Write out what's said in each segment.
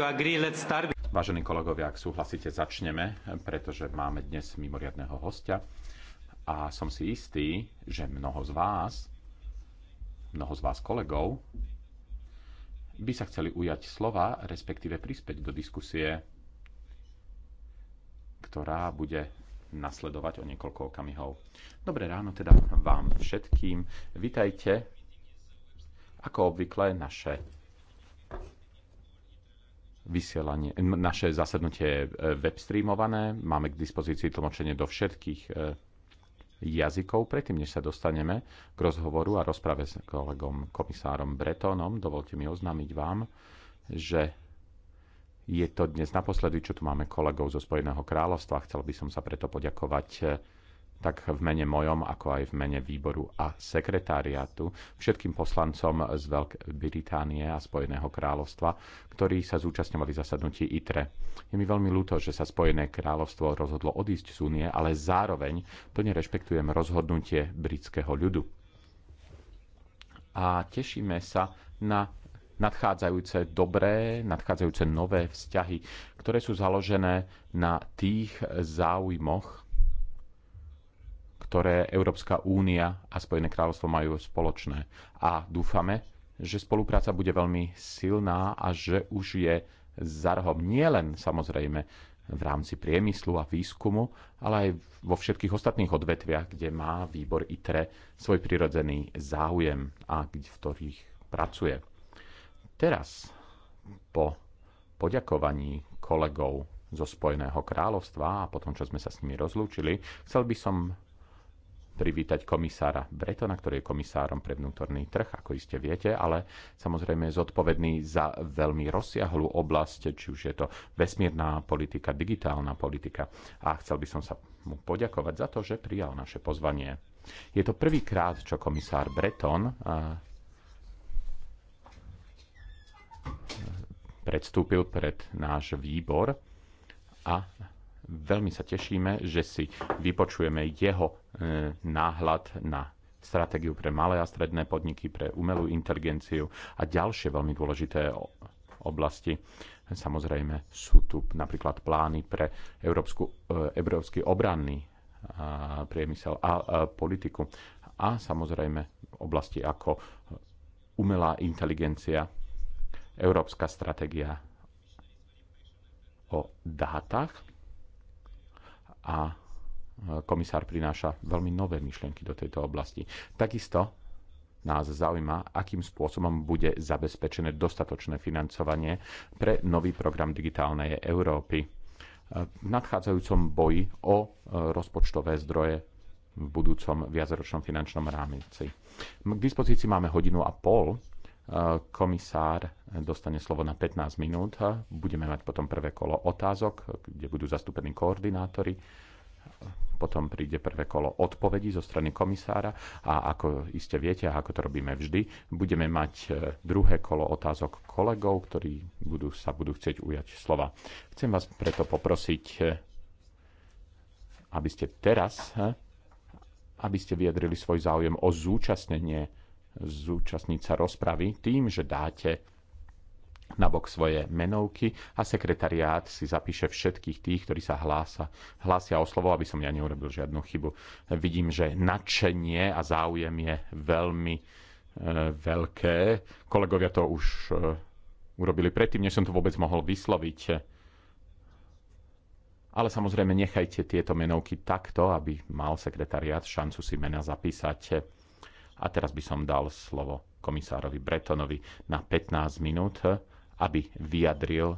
agree, Vážení kolegovia, ak súhlasíte, začneme, pretože máme dnes mimoriadného hostia a som si istý, že mnoho z vás, mnoho z vás kolegov, by sa chceli ujať slova, respektíve prispäť do diskusie, ktorá bude nasledovať o niekoľko okamihov. Dobré ráno teda vám všetkým. Vitajte. Ako obvykle, naše vysielanie, naše zasadnutie je streamované. máme k dispozícii tlmočenie do všetkých e, jazykov. Predtým, než sa dostaneme k rozhovoru a rozprave s kolegom komisárom Bretonom, dovolte mi oznámiť vám, že je to dnes naposledy, čo tu máme kolegov zo Spojeného kráľovstva. Chcel by som sa preto poďakovať e, tak v mene mojom, ako aj v mene výboru a sekretariátu, všetkým poslancom z Veľkej Británie a Spojeného kráľovstva, ktorí sa zúčastňovali zasadnutí ITRE. Je mi veľmi ľúto, že sa Spojené kráľovstvo rozhodlo odísť z únie, ale zároveň plne rešpektujem rozhodnutie britského ľudu. A tešíme sa na nadchádzajúce dobré, nadchádzajúce nové vzťahy, ktoré sú založené na tých záujmoch, ktoré Európska únia a Spojené kráľovstvo majú spoločné. A dúfame, že spolupráca bude veľmi silná a že už je zarhom nielen samozrejme v rámci priemyslu a výskumu, ale aj vo všetkých ostatných odvetviach, kde má výbor ITRE svoj prirodzený záujem a v ktorých pracuje. Teraz po poďakovaní kolegov zo Spojeného kráľovstva a potom, čo sme sa s nimi rozlúčili, chcel by som privítať komisára Bretona, ktorý je komisárom pre vnútorný trh, ako iste viete, ale samozrejme je zodpovedný za veľmi rozsiahlú oblasť, či už je to vesmírna politika, digitálna politika. A chcel by som sa mu poďakovať za to, že prijal naše pozvanie. Je to prvýkrát, čo komisár Breton predstúpil pred náš výbor a Veľmi sa tešíme, že si vypočujeme jeho e, náhľad na stratégiu pre malé a stredné podniky, pre umelú inteligenciu a ďalšie veľmi dôležité oblasti. Samozrejme sú tu napríklad plány pre európsku, e, európsky obranný e, priemysel a politiku a samozrejme oblasti ako umelá inteligencia, európska stratégia o dátach a e, komisár prináša veľmi nové myšlienky do tejto oblasti. Takisto nás zaujíma, akým spôsobom bude zabezpečené dostatočné financovanie pre nový program digitálnej Európy e, v nadchádzajúcom boji o e, rozpočtové zdroje v budúcom viacročnom finančnom rámci. K dispozícii máme hodinu a pol komisár dostane slovo na 15 minút. Budeme mať potom prvé kolo otázok, kde budú zastúpení koordinátori. Potom príde prvé kolo odpovedí zo strany komisára a ako iste viete a ako to robíme vždy, budeme mať e, druhé kolo otázok kolegov, ktorí budú, sa budú chcieť ujať slova. Chcem vás preto poprosiť, e, aby ste teraz e, aby ste vyjadrili svoj záujem o zúčastnenie zúčastniť sa rozpravy tým, že dáte na bok svoje menovky a sekretariát si zapíše všetkých tých, ktorí sa hlása, hlásia o slovo, aby som ja neurobil žiadnu chybu. Vidím, že nadšenie a záujem je veľmi e, veľké. Kolegovia to už e, urobili predtým, než som to vôbec mohol vysloviť. Ale samozrejme nechajte tieto menovky takto, aby mal sekretariát šancu si mena zapísať a teraz by som dal slovo komisárovi Bretonovi na 15 minút, aby vyjadril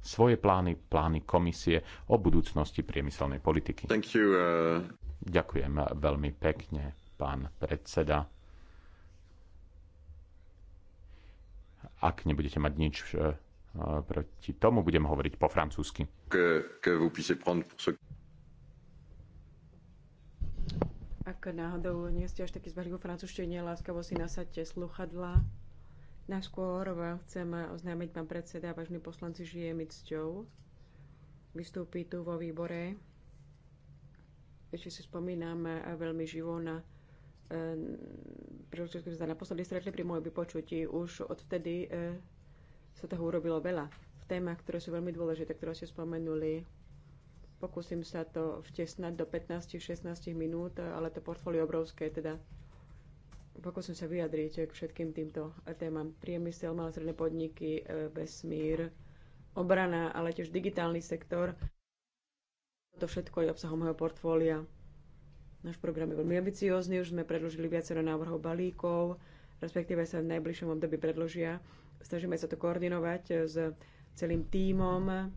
svoje plány, plány komisie o budúcnosti priemyselnej politiky. Thank you, uh... Ďakujem veľmi pekne, pán predseda. Ak nebudete mať nič uh, proti tomu, budem hovoriť po francúzsky. Que, que napríklad náhodou nie ste až taký zbehli vo francúzštine, láskavo si nasadte sluchadla. Najskôr vám chcem oznámiť pán predseda, vážni poslanci, žije mi cťou. Vystúpi tu vo výbore. Ešte si spomínam eh, veľmi živo na eh, príležitosti, sa naposledy stretli pri mojom vypočutí. Už odvtedy eh, sa toho urobilo veľa v témach, ktoré sú veľmi dôležité, ktoré ste spomenuli Pokúsim sa to vtesnať do 15-16 minút, ale to portfólio obrovské, teda pokúsim sa vyjadriť k všetkým týmto témam. Priemysel, malé stredné podniky, e, vesmír, obrana, ale tiež digitálny sektor. To všetko je obsahom mojho portfólia. Náš program je veľmi ambiciózny, už sme predložili viacero návrhov balíkov, respektíve sa v najbližšom období predložia. Snažíme sa to koordinovať e, s celým tímom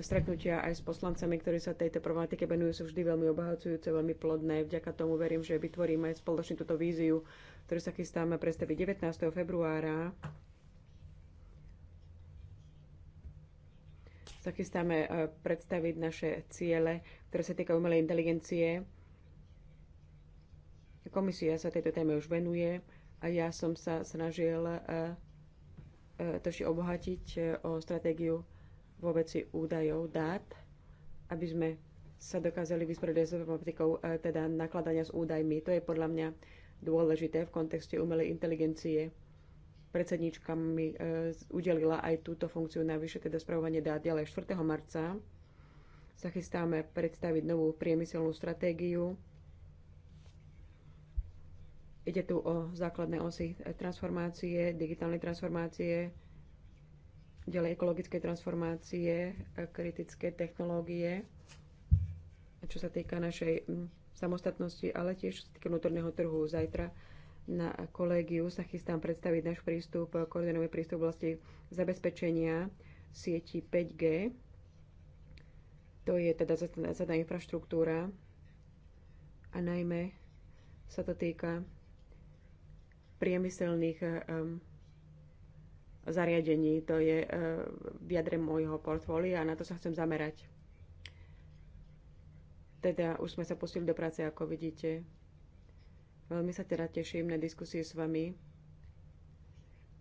stretnutia aj s poslancami, ktorí sa tejto problematike venujú, sú vždy veľmi obohacujúce, veľmi plodné. Vďaka tomu verím, že vytvoríme aj spoločne túto víziu, ktorú sa chystáme predstaviť 19. februára. Sa chystáme e, predstaviť naše ciele, ktoré sa týkajú umelej inteligencie. Komisia sa tejto téme už venuje a ja som sa snažil e, e, to obohatiť o stratégiu vo veci údajov, dát, aby sme sa dokázali vysporiadať s problematikou e, teda nakladania s údajmi. To je podľa mňa dôležité v kontexte umelej inteligencie. Predsednička mi e, udelila aj túto funkciu vyššie teda spravovanie dát. Ďalej 4. marca sa chystáme predstaviť novú priemyselnú stratégiu. Ide tu o základné osy transformácie, digitálnej transformácie, ďalej ekologické transformácie, e, kritické technológie, čo sa týka našej samostatnosti, ale tiež čo sa týka vnútorného trhu. Zajtra na kolégiu sa chystám predstaviť náš prístup, e, koordinový prístup oblasti zabezpečenia sieti 5G. To je teda zadná infraštruktúra a najmä sa to týka priemyselných um, zariadení. To je e, v jadre môjho portfólia a na to sa chcem zamerať. Teda už sme sa pustili do práce, ako vidíte. Veľmi sa teda teším na diskusie s vami,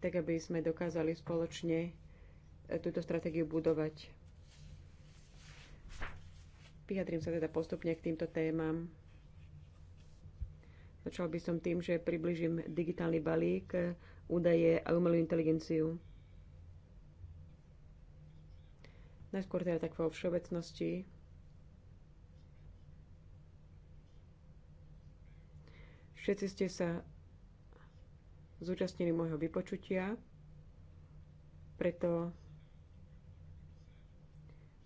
tak aby sme dokázali spoločne e, túto stratégiu budovať. Vyjadrím sa teda postupne k týmto témam. Začal by som tým, že približím digitálny balík údaje a umelú inteligenciu. Najskôr teda tak vo všeobecnosti. Všetci ste sa zúčastnili môjho vypočutia, preto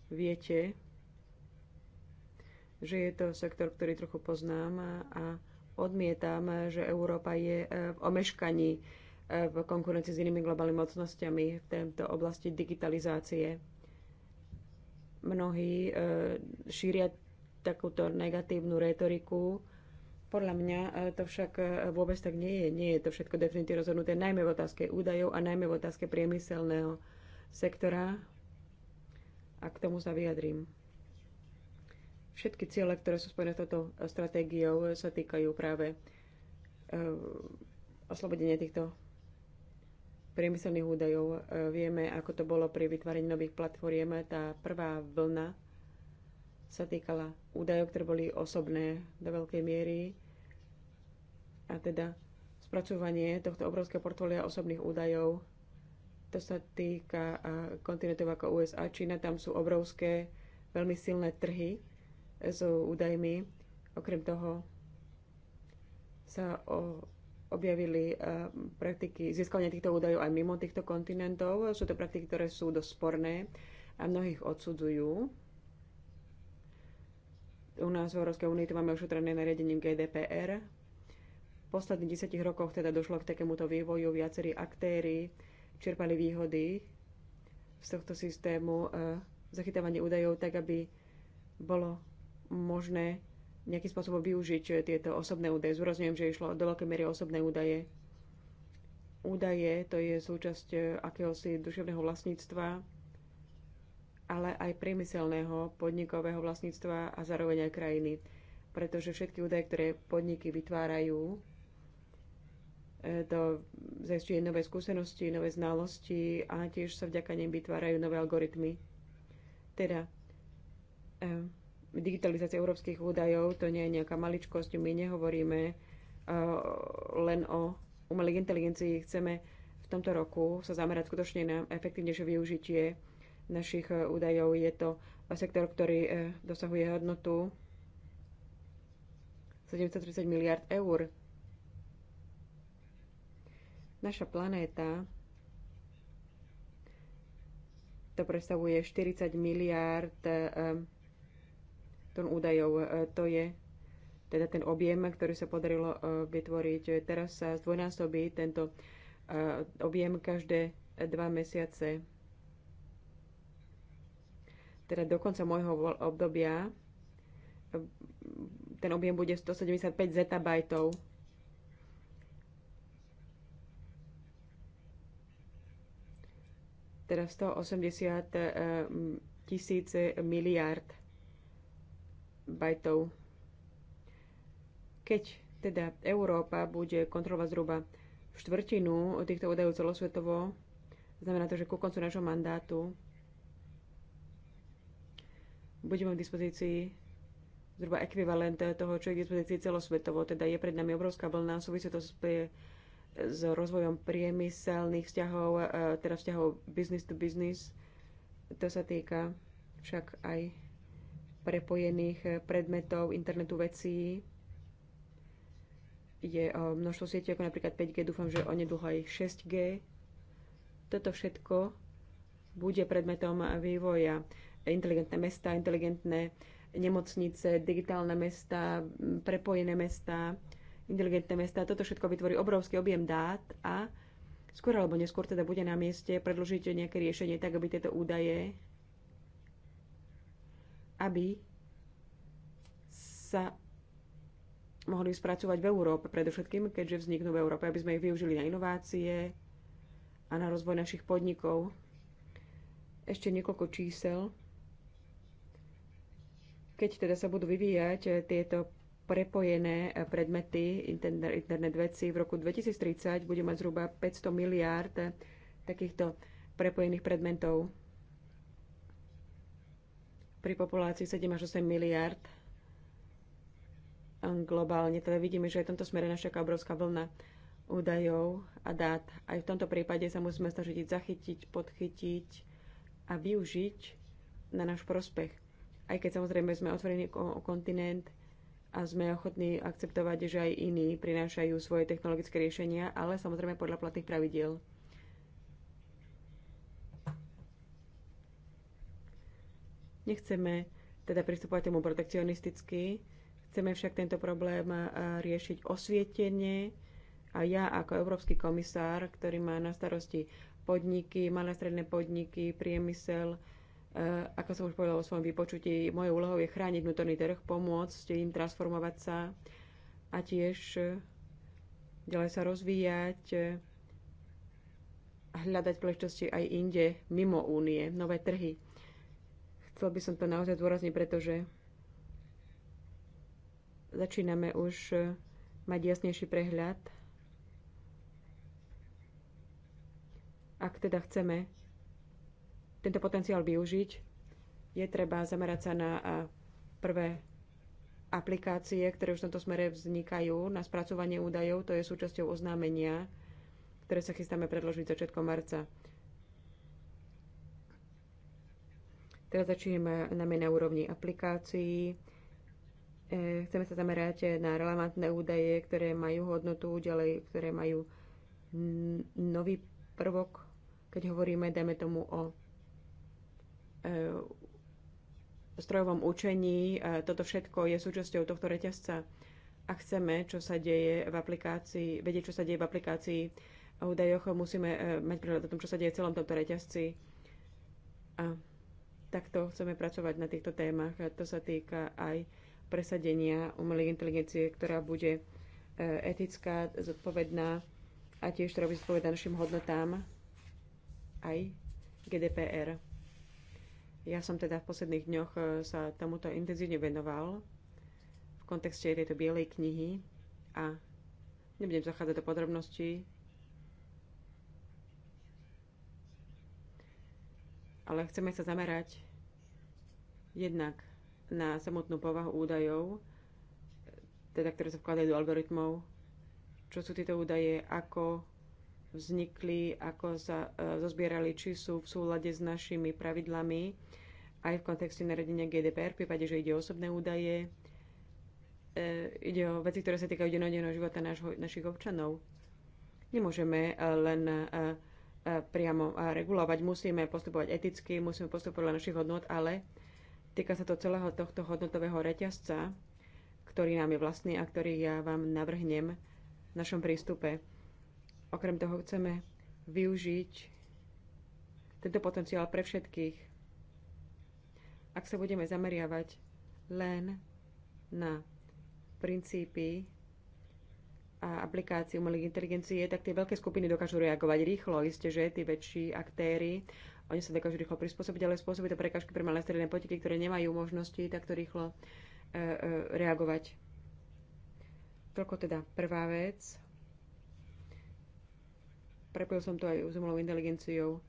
viete, že je to sektor, ktorý trochu poznám a odmietam, že Európa je eh, v omeškaní v konkurencii s inými globálnymi mocnosťami v tejto oblasti digitalizácie. Mnohí e, šíria takúto negatívnu retoriku. Podľa mňa e, to však e, vôbec tak nie je. Nie je to všetko definitívne rozhodnuté, najmä v otázke údajov a najmä v otázke priemyselného sektora. A k tomu sa vyjadrím. Všetky ciele, ktoré sú spojené s touto stratégiou, sa týkajú práve oslobodenia týchto priemyselných údajov. E, vieme, ako to bolo pri vytvorení nových platform. Tá prvá vlna sa týkala údajov, ktoré boli osobné do veľkej miery. A teda spracovanie tohto obrovského portfólia osobných údajov, to sa týka e, kontinentov ako USA, Čína, tam sú obrovské, veľmi silné trhy s údajmi. Okrem toho sa o objavili eh, praktiky získania týchto údajov aj mimo týchto kontinentov. Sú to praktiky, ktoré sú dosť sporné a mnohých odsudzujú. U nás v Európskej únii to máme ošetrené nariadením GDPR. V posledných desetich rokoch teda došlo k takémuto vývoju. Viacerí aktéry čerpali výhody z tohto systému eh, zachytávanie údajov tak, aby bolo možné nejakým spôsobom využiť eh, tieto osobné údaje. Zúrazňujem, že išlo do veľkej miery osobné údaje. Údaje to je súčasť eh, akéhosi duševného vlastníctva, ale aj priemyselného, podnikového vlastníctva a zároveň aj krajiny. Pretože všetky údaje, ktoré podniky vytvárajú, eh, to zajistuje nové skúsenosti, nové znalosti a tiež sa vďaka nim vytvárajú nové algoritmy. Teda, eh, digitalizácia európskych údajov to nie je nejaká maličkosť. My nehovoríme eh, len o umelej inteligencii. Chceme v tomto roku sa zamerať skutočne na efektívnejšie využitie našich eh, údajov. Je to sektor, ktorý eh, dosahuje hodnotu 730 miliard eur. Naša planéta to predstavuje 40 miliard tón údajov. E, to je teda ten objem, ktorý sa podarilo e, vytvoriť. Teraz sa zdvojnásobí tento e, objem každé dva mesiace. Teda do konca môjho obdobia ten objem bude 175 zetabajtov. Teda 180 tisíc miliárd bajtov. Keď teda Európa bude kontrolovať zhruba štvrtinu týchto údajov celosvetovo, znamená to, že ku koncu nášho mandátu budeme k dispozícii zhruba ekvivalent toho, čo je k dispozícii celosvetovo. Teda je pred nami obrovská vlna, súvisí to s, s rozvojom priemyselných vzťahov, e, teda vzťahov business to business. To sa týka však aj prepojených eh, predmetov, internetu vecí. Je eh, množstvo sietí, ako napríklad 5G, dúfam, že onedlho aj 6G. Toto všetko bude predmetom eh, vývoja. Inteligentné mesta, inteligentné nemocnice, digitálne mesta, prepojené mesta, inteligentné mesta. Toto všetko vytvorí obrovský objem dát a skôr alebo neskôr teda bude na mieste predložiť nejaké riešenie tak, aby tieto údaje aby sa mohli spracovať v Európe, predovšetkým, keďže vzniknú v Európe, aby sme ich využili na inovácie a na rozvoj našich podnikov. Ešte niekoľko čísel. Keď teda sa budú vyvíjať eh, tieto prepojené eh, predmety, internet, veci, v roku 2030 bude mať zhruba 500 miliárd eh, takýchto prepojených predmetov pri populácii 7 až 8 miliard globálne. Teda vidíme, že aj v tomto smere naša čaká obrovská vlna údajov a dát. Aj v tomto prípade sa musíme snažiť zachytiť, podchytiť a využiť na náš prospech. Aj keď samozrejme sme otvorení o kontinent a sme ochotní akceptovať, že aj iní prinášajú svoje technologické riešenia, ale samozrejme podľa platných pravidiel. Nechceme teda pristupovať tomu protekcionisticky, chceme však tento problém riešiť osvietenie a ja ako európsky komisár, ktorý má na starosti podniky, malé stredné podniky, priemysel, ako som už povedala o svojom vypočutí, mojou úlohou je chrániť vnútorný trh, pomôcť im transformovať sa a tiež ďalej sa rozvíjať, hľadať príležitosti aj inde, mimo únie, nové trhy. Chcel by som to naozaj zdôrazniť, pretože začíname už e, mať jasnejší prehľad. Ak teda chceme tento potenciál využiť, je treba zamerať sa na prvé aplikácie, ktoré už v tomto smere vznikajú na spracovanie údajov. To je súčasťou oznámenia, ktoré sa chystáme predložiť začiatkom marca. Teraz začneme na na úrovni aplikácií. E, chceme sa zamerať na relevantné údaje, ktoré majú hodnotu, ďalej, ktoré majú nový prvok, keď hovoríme, dajme tomu, o e, strojovom učení. E, toto všetko je súčasťou tohto reťazca. A chceme, čo sa deje v aplikácii, vedieť, čo sa deje v aplikácii a údajoch, musíme mať prehľad o tom, čo sa deje v celom tomto reťazci. A takto chceme pracovať na týchto témach. To sa týka aj presadenia umelej inteligencie, ktorá bude e, etická, zodpovedná a tiež ktorá bude zodpovedná našim hodnotám aj GDPR. Ja som teda v posledných dňoch e, sa tomuto intenzívne venoval v kontexte tejto bielej knihy a nebudem zachádzať do podrobností, ale chceme sa zamerať jednak na samotnú povahu údajov, teda ktoré sa vkladajú do algoritmov, čo sú tieto údaje, ako vznikli, ako sa e, zozbierali, či sú v súlade s našimi pravidlami aj v kontexte naredenia GDPR, v prípade, že ide o osobné údaje, e, ide o veci, ktoré sa týkajú denodenného života našho, našich občanov. Nemôžeme e, len e, E, priamo e, regulovať. Musíme postupovať eticky, musíme postupovať podľa našich hodnot, ale týka sa to celého tohto hodnotového reťazca, ktorý nám je vlastný a ktorý ja vám navrhnem v našom prístupe. Okrem toho chceme využiť tento potenciál pre všetkých. Ak sa budeme zameriavať len na princípy a aplikácií umelej inteligencie, tak tie veľké skupiny dokážu reagovať rýchlo. Isté, že tí väčší aktéry, oni sa dokážu rýchlo prispôsobiť, ale spôsobí to prekažky pre malé stredné podniky, ktoré nemajú možnosti takto rýchlo e, e, reagovať. Toľko teda prvá vec. Prepojil som to aj s umelou inteligenciou.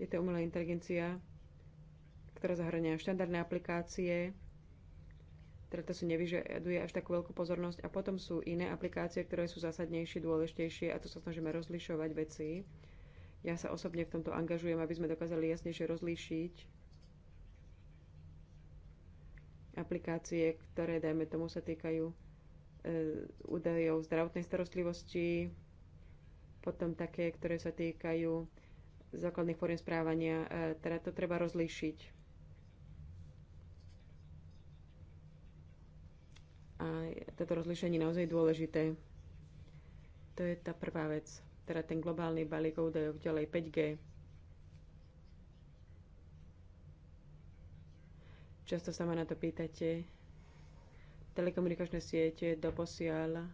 Je to umelá inteligencia, ktorá zahrania štandardné aplikácie, teda to si nevyžaduje až takú veľkú pozornosť. A potom sú iné aplikácie, ktoré sú zásadnejšie, dôležitejšie a tu sa snažíme rozlišovať veci. Ja sa osobne v tomto angažujem, aby sme dokázali jasnejšie rozlíšiť aplikácie, ktoré, dajme tomu, sa týkajú e, údajov zdravotnej starostlivosti, potom také, ktoré sa týkajú základných fóriem správania. E, teda to treba rozlíšiť A toto rozlišenie je naozaj dôležité. To je tá prvá vec, teda ten globálny balík údajov, ďalej 5G. Často sa ma na to pýtate. Telekomunikačné siete doposiaľ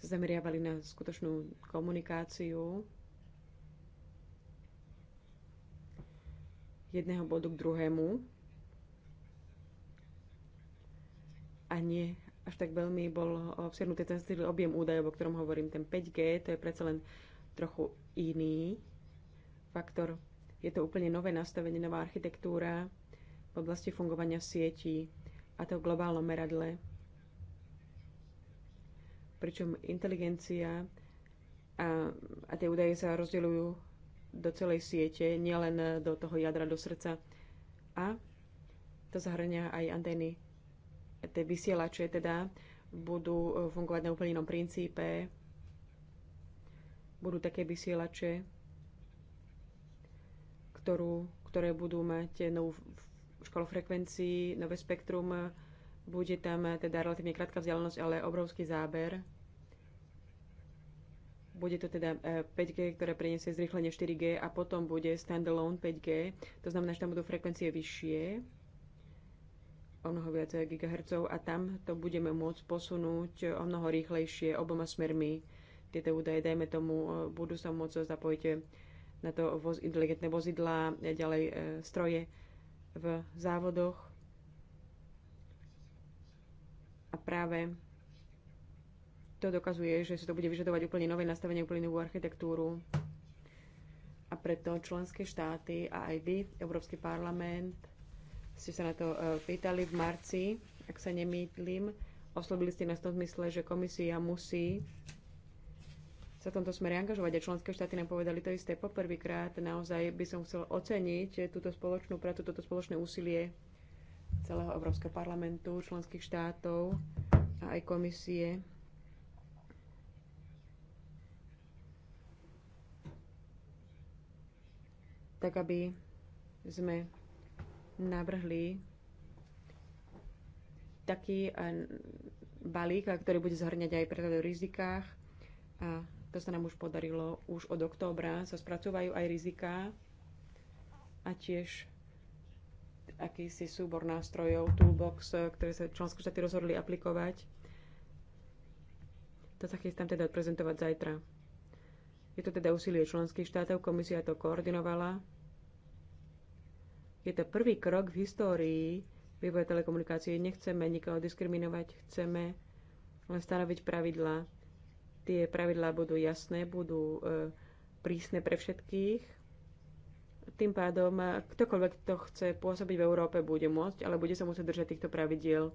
sa zameriavali na skutočnú komunikáciu jedného bodu k druhému, a nie až tak veľmi bol obsiahnutý ten celý objem údajov, o ktorom hovorím, ten 5G, to je predsa len trochu iný faktor. Je to úplne nové nastavenie, nová architektúra v oblasti fungovania sietí a to v globálnom meradle. Pričom inteligencia a, a tie údaje sa rozdeľujú do celej siete, nielen do toho jadra, do srdca. A to zahrania aj antény tie vysielače teda budú e, fungovať na úplne inom princípe. Budú také vysielače, ktorú, ktoré budú mať novú školu frekvencií, nové spektrum. Bude tam e, teda relatívne krátka vzdialenosť, ale obrovský záber. Bude to teda 5G, e, ktoré preniesie zrýchlenie 4G a potom bude standalone 5G. To znamená, že tam budú frekvencie vyššie o mnoho viac gigahercov a tam to budeme môcť posunúť o mnoho rýchlejšie oboma smermi. Tieto údaje, dajme tomu, e, budú sa môcť zapojiť na to voz, inteligentné vozidlá, e, ďalej e, stroje v závodoch. A práve to dokazuje, že si to bude vyžadovať úplne nové nastavenie, úplne novú architektúru. A preto členské štáty a aj vy, Európsky parlament, ste sa na to e, pýtali v marci, ak sa nemýtlim. Oslobili ste nás v tom zmysle, že komisia musí sa v tomto smere angažovať a členské štáty nám povedali to isté. Poprvýkrát naozaj by som chcel oceniť túto spoločnú prácu, toto spoločné úsilie celého Európskeho parlamentu, členských štátov a aj komisie. Tak, aby sme navrhli taký eh, balík, eh, ktorý bude zhrňať aj prehľad o rizikách. A to sa nám už podarilo. Už od októbra sa spracovajú aj riziká a tiež akýsi súbor nástrojov, toolbox, eh, ktoré sa členské štáty rozhodli aplikovať. To sa chystám teda odprezentovať zajtra. Je to teda úsilie členských štátov, komisia to koordinovala je to prvý krok v histórii vývoja telekomunikácií. Nechceme nikoho diskriminovať, chceme len stanoviť pravidlá. Tie pravidlá budú jasné, budú e, prísne pre všetkých. Tým pádom e, ktokoľvek, kto chce pôsobiť v Európe, bude môcť, ale bude sa musieť držať týchto pravidiel.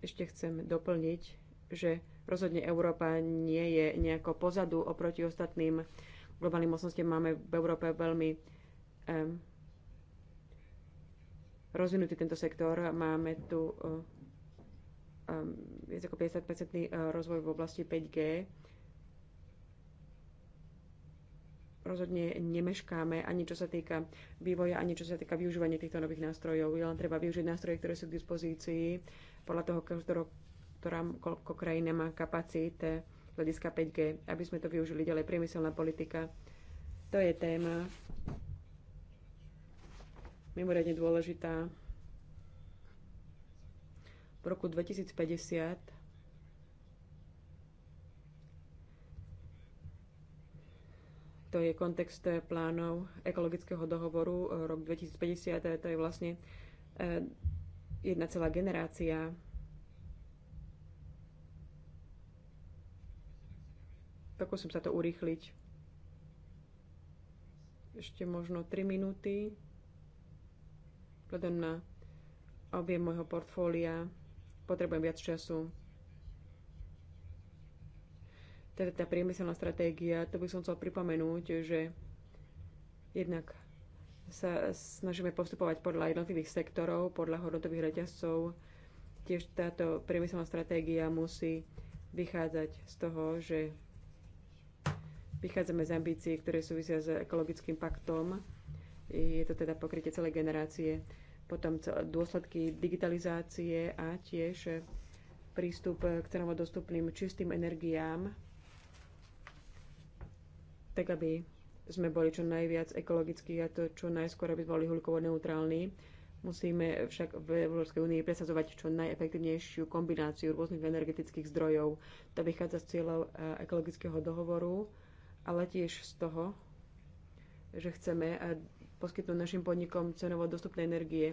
Ešte chcem doplniť, že rozhodne Európa nie je nejako pozadu oproti ostatným globálnej mocnosti máme v Európe veľmi um, rozvinutý tento sektor. Máme tu um, viac ako 50-percentný eh, rozvoj v oblasti 5G. Rozhodne nemeškáme ani čo sa týka vývoja, ani čo sa týka využívania týchto nových nástrojov. Je len treba využiť nástroje, ktoré sú k dispozícii podľa toho, ktorá, ktorá koľko krajín má kapacít hľadiska 5G, aby sme to využili ďalej. Priemyselná politika, to je téma mimoriadne dôležitá. V roku 2050 to je kontext plánov ekologického dohovoru rok 2050, to je vlastne eh, jedna celá generácia Pokúsim sa to urýchliť. Ešte možno 3 minúty. Vzhľadom na objem môjho portfólia potrebujem viac času. Teda tá priemyselná stratégia, to by som chcel pripomenúť, že jednak sa snažíme postupovať podľa jednotlivých sektorov, podľa hodnotových reťazcov. Tiež táto priemyselná stratégia musí vychádzať z toho, že Vychádzame z ambícií, ktoré súvisia s ekologickým paktom. Je to teda pokrytie celej generácie. Potom dôsledky digitalizácie a tiež prístup k cenovo dostupným čistým energiám, tak aby sme boli čo najviac ekologickí a to čo najskôr, aby sme boli hulkovo neutrálni. Musíme však v Európskej únii presazovať čo najefektívnejšiu kombináciu rôznych energetických zdrojov. To vychádza z cieľov eh, ekologického dohovoru ale tiež z toho, že chceme eh, poskytnúť našim podnikom cenovo dostupné energie.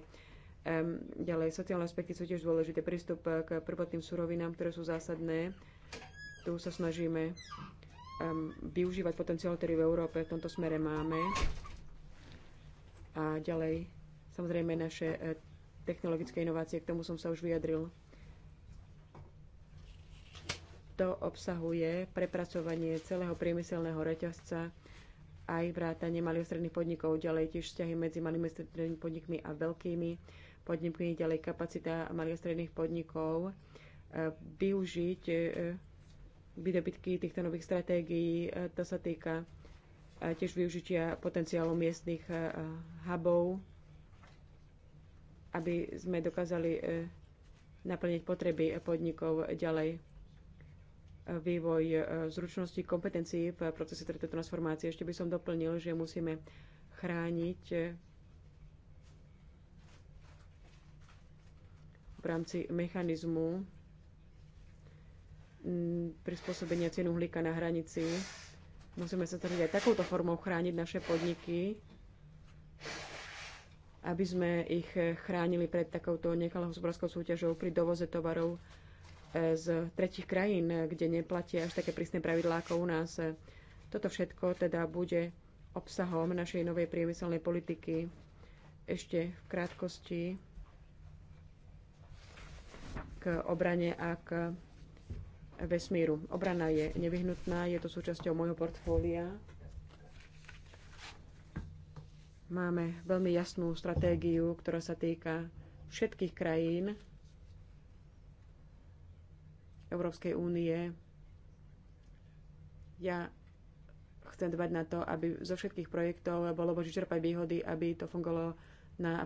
Ďalej, sociálne aspekty sú tiež dôležité. Prístup eh, k prvotným surovinám, ktoré sú zásadné. Tu sa snažíme využívať potenciál, ktorý v Európe v tomto smere máme. A ďalej, samozrejme, naše eh, technologické inovácie, k tomu som sa už vyjadril to obsahuje prepracovanie celého priemyselného reťazca aj vrátanie malých stredných podnikov, ďalej tiež vzťahy medzi malými strednými podnikmi a veľkými podnikmi, ďalej kapacita malých stredných podnikov e, využiť e, výdobytky týchto nových stratégií. E, to sa týka tiež využitia potenciálu miestnych hubov, aby sme dokázali naplniť potreby podnikov ďalej vývoj e, zručností, kompetencií v procese tejto transformácie. Ešte by som doplnil, že musíme chrániť e, v rámci mechanizmu prispôsobenia cien uhlíka na hranici. Musíme sa teda aj takouto formou chrániť naše podniky, aby sme ich chránili pred takouto nekalou hospodárskou súťažou pri dovoze tovarov z tretich krajín, kde neplatia až také prísne pravidlá ako u nás. Toto všetko teda bude obsahom našej novej priemyselnej politiky. Ešte v krátkosti k obrane a k vesmíru. Obrana je nevyhnutná, je to súčasťou môjho portfólia. Máme veľmi jasnú stratégiu, ktorá sa týka všetkých krajín Európskej únie. Ja chcem dbať na to, aby zo všetkých projektov bolo boží čerpať výhody, aby to fungovalo na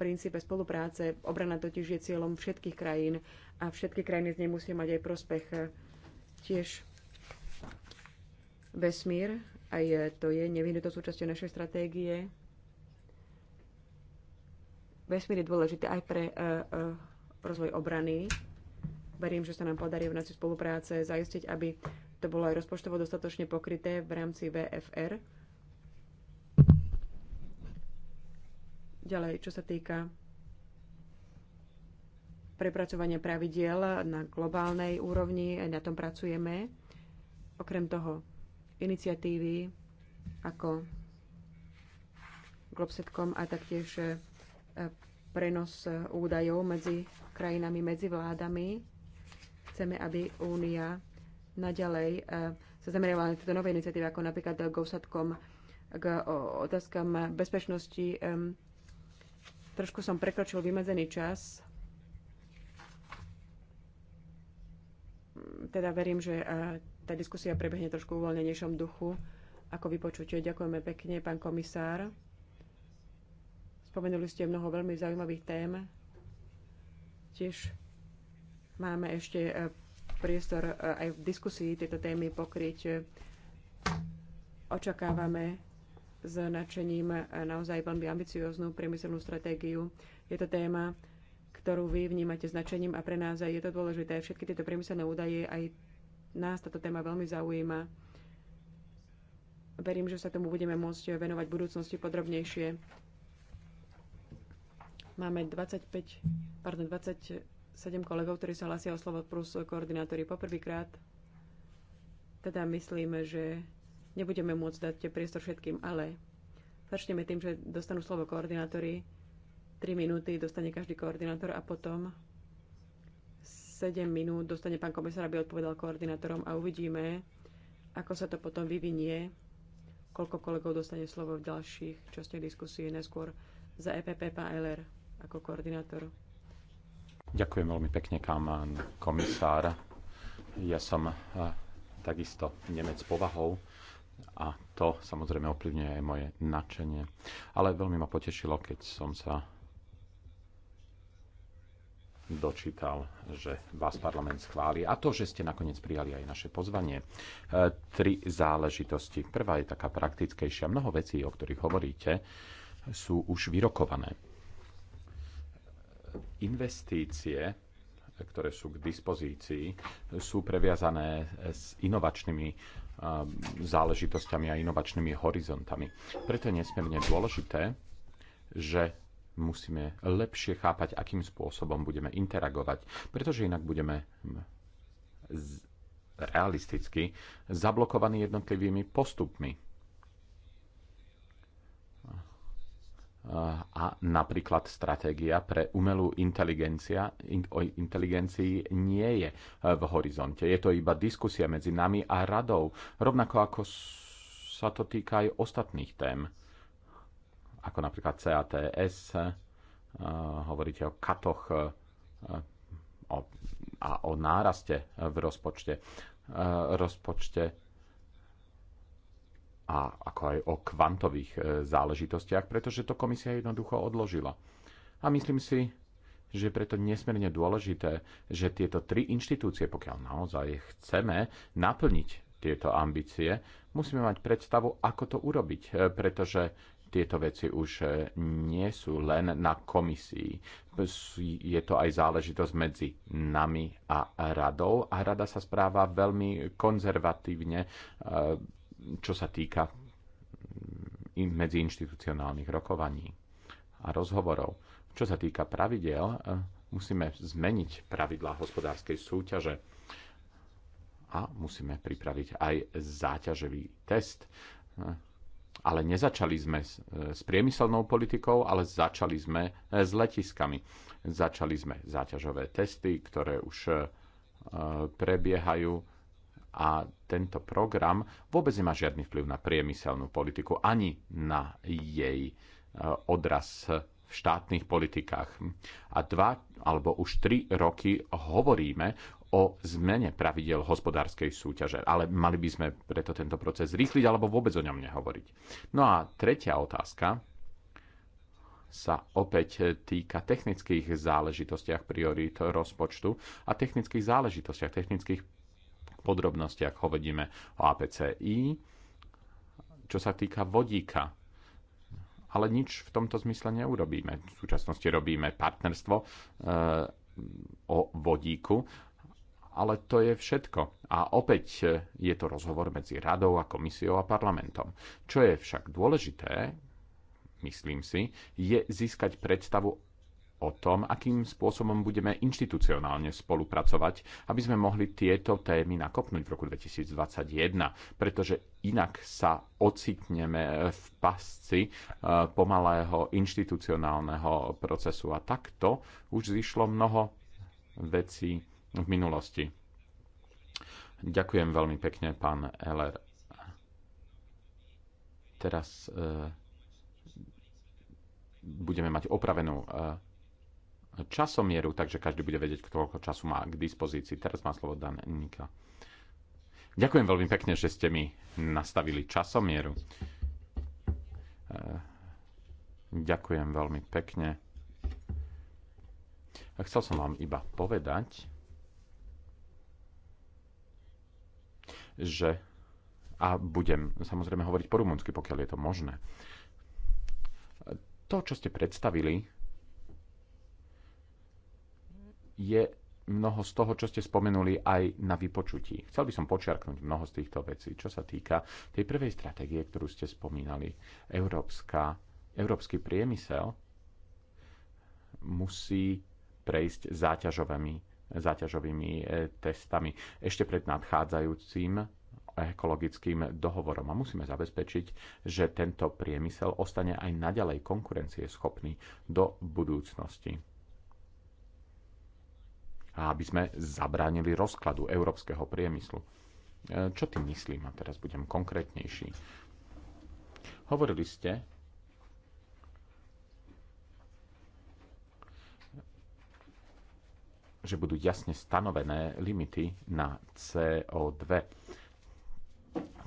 princípe spolupráce. Obrana totiž je cieľom všetkých krajín a všetky krajiny z nej musia mať aj prospech. Tiež vesmír, aj to je nevyhnutou súčasťou našej stratégie. Vesmír je dôležitý aj pre uh, uh, rozvoj obrany. Verím, že sa nám podarí v rámci spolupráce zaistiť, aby to bolo aj rozpočtovo dostatočne pokryté v rámci VFR. Ďalej, čo sa týka prepracovania pravidiel na globálnej úrovni, aj na tom pracujeme. Okrem toho, iniciatívy ako Globsetcom a taktiež eh, prenos údajov medzi krajinami, medzi vládami Chceme, aby Únia naďalej eh, sa zameriavala na tieto nové iniciatívy, ako napríklad GoSatcom k otázkam bezpečnosti. Trošku som prekročil vymedzený čas. Teda verím, že eh, tá diskusia prebehne trošku v uvoľnenejšom duchu, ako vypočutie. Ďakujeme pekne, pán komisár. Spomenuli ste mnoho veľmi zaujímavých tém. Tiež Máme ešte e, priestor e, aj v diskusii tieto témy pokryť. Očakávame s nadšením e, naozaj veľmi ambicióznu priemyselnú stratégiu. Je to téma, ktorú vy vnímate značením a pre nás aj je to dôležité. Všetky tieto priemyselné údaje, aj nás táto téma veľmi zaujíma. Verím, že sa tomu budeme môcť venovať v budúcnosti podrobnejšie. Máme 25, pardon, 20 sedem kolegov, ktorí sa hlasia o slovo plus koordinátori poprvýkrát. Teda myslíme, že nebudeme môcť dať priestor všetkým, ale začneme tým, že dostanú slovo koordinátori. 3 minúty dostane každý koordinátor a potom 7 minút dostane pán komisár, aby odpovedal koordinátorom a uvidíme, ako sa to potom vyvinie, koľko kolegov dostane slovo v ďalších častiach diskusie, neskôr za EPP pán ako koordinátor. Ďakujem veľmi pekne, kamán komisár. Ja som e, takisto Nemec povahou a to samozrejme ovplyvňuje aj moje nadšenie. Ale veľmi ma potešilo, keď som sa dočítal, že vás parlament schváli a to, že ste nakoniec prijali aj naše pozvanie. E, tri záležitosti. Prvá je taká praktickejšia. Mnoho vecí, o ktorých hovoríte, sú už vyrokované investície, ktoré sú k dispozícii, sú previazané s inovačnými záležitosťami a inovačnými horizontami. Preto je nesmierne dôležité, že musíme lepšie chápať, akým spôsobom budeme interagovať, pretože inak budeme hm, realisticky zablokovaní jednotlivými postupmi a napríklad stratégia pre umelú inteligencia, in, o inteligencii nie je e, v horizonte. Je to iba diskusia medzi nami a radou, rovnako ako sa to týka aj ostatných tém, ako napríklad CATS, e, hovoríte o katoch e, a o náraste v rozpočte, rozpočte a ako aj o kvantových e, záležitostiach, pretože to komisia jednoducho odložila. A myslím si, že je preto nesmierne dôležité, že tieto tri inštitúcie, pokiaľ naozaj chceme naplniť tieto ambície, musíme mať predstavu, ako to urobiť, e, pretože tieto veci už e, nie sú len na komisii. Je to aj záležitosť medzi nami a radou a rada sa správa veľmi konzervatívne čo sa týka mm, medziinštitucionálnych rokovaní a rozhovorov. Čo sa týka pravidel, e, musíme zmeniť pravidlá hospodárskej súťaže a musíme pripraviť aj záťažový test. E, ale nezačali sme e, s priemyselnou politikou, ale začali sme s letiskami. Začali sme záťažové testy, ktoré už prebiehajú a tento program vôbec nemá žiadny vplyv na priemyselnú politiku ani na jej e, odraz v štátnych politikách. A dva alebo už tri roky hovoríme o zmene pravidel hospodárskej súťaže, ale mali by sme preto tento proces rýchliť alebo vôbec o ňom nehovoriť. No a tretia otázka sa opäť týka technických záležitostiach priorít rozpočtu a technických záležitostiach, technických podrobnostiach hovoríme o APCI, čo sa týka vodíka. Ale nič v tomto zmysle neurobíme. V súčasnosti robíme partnerstvo e, o vodíku, ale to je všetko. A opäť eh, je to rozhovor medzi radou a komisiou a parlamentom. Čo je však dôležité, myslím si, je získať predstavu o tom, akým spôsobom budeme inštitucionálne spolupracovať, aby sme mohli tieto témy nakopnúť v roku 2021, pretože inak sa ocitneme v pasci eh, pomalého inštitucionálneho procesu. A takto už zišlo mnoho vecí v minulosti. Ďakujem veľmi pekne, pán Eller. Teraz eh, budeme mať opravenú eh, časomieru, takže každý bude vedieť, koľko času má k dispozícii. Teraz má slovo Dan Nika. Ďakujem veľmi pekne, že ste mi nastavili časomieru. E, ďakujem veľmi pekne. A chcel som vám iba povedať, že a budem samozrejme hovoriť po rumunsky, pokiaľ je to možné. To, čo ste predstavili, je mnoho z toho, čo ste spomenuli aj na vypočutí. Chcel by som počiarknúť mnoho z týchto vecí, čo sa týka tej prvej stratégie, ktorú ste spomínali. Európska, európsky priemysel musí prejsť záťažovými, záťažovými e, testami ešte pred nadchádzajúcim ekologickým dohovorom. A musíme zabezpečiť, že tento priemysel ostane aj naďalej konkurencieschopný do budúcnosti a aby sme zabránili rozkladu európskeho priemyslu. E, čo tým myslím? A teraz budem konkrétnejší. Hovorili ste, že budú jasne stanovené limity na CO2.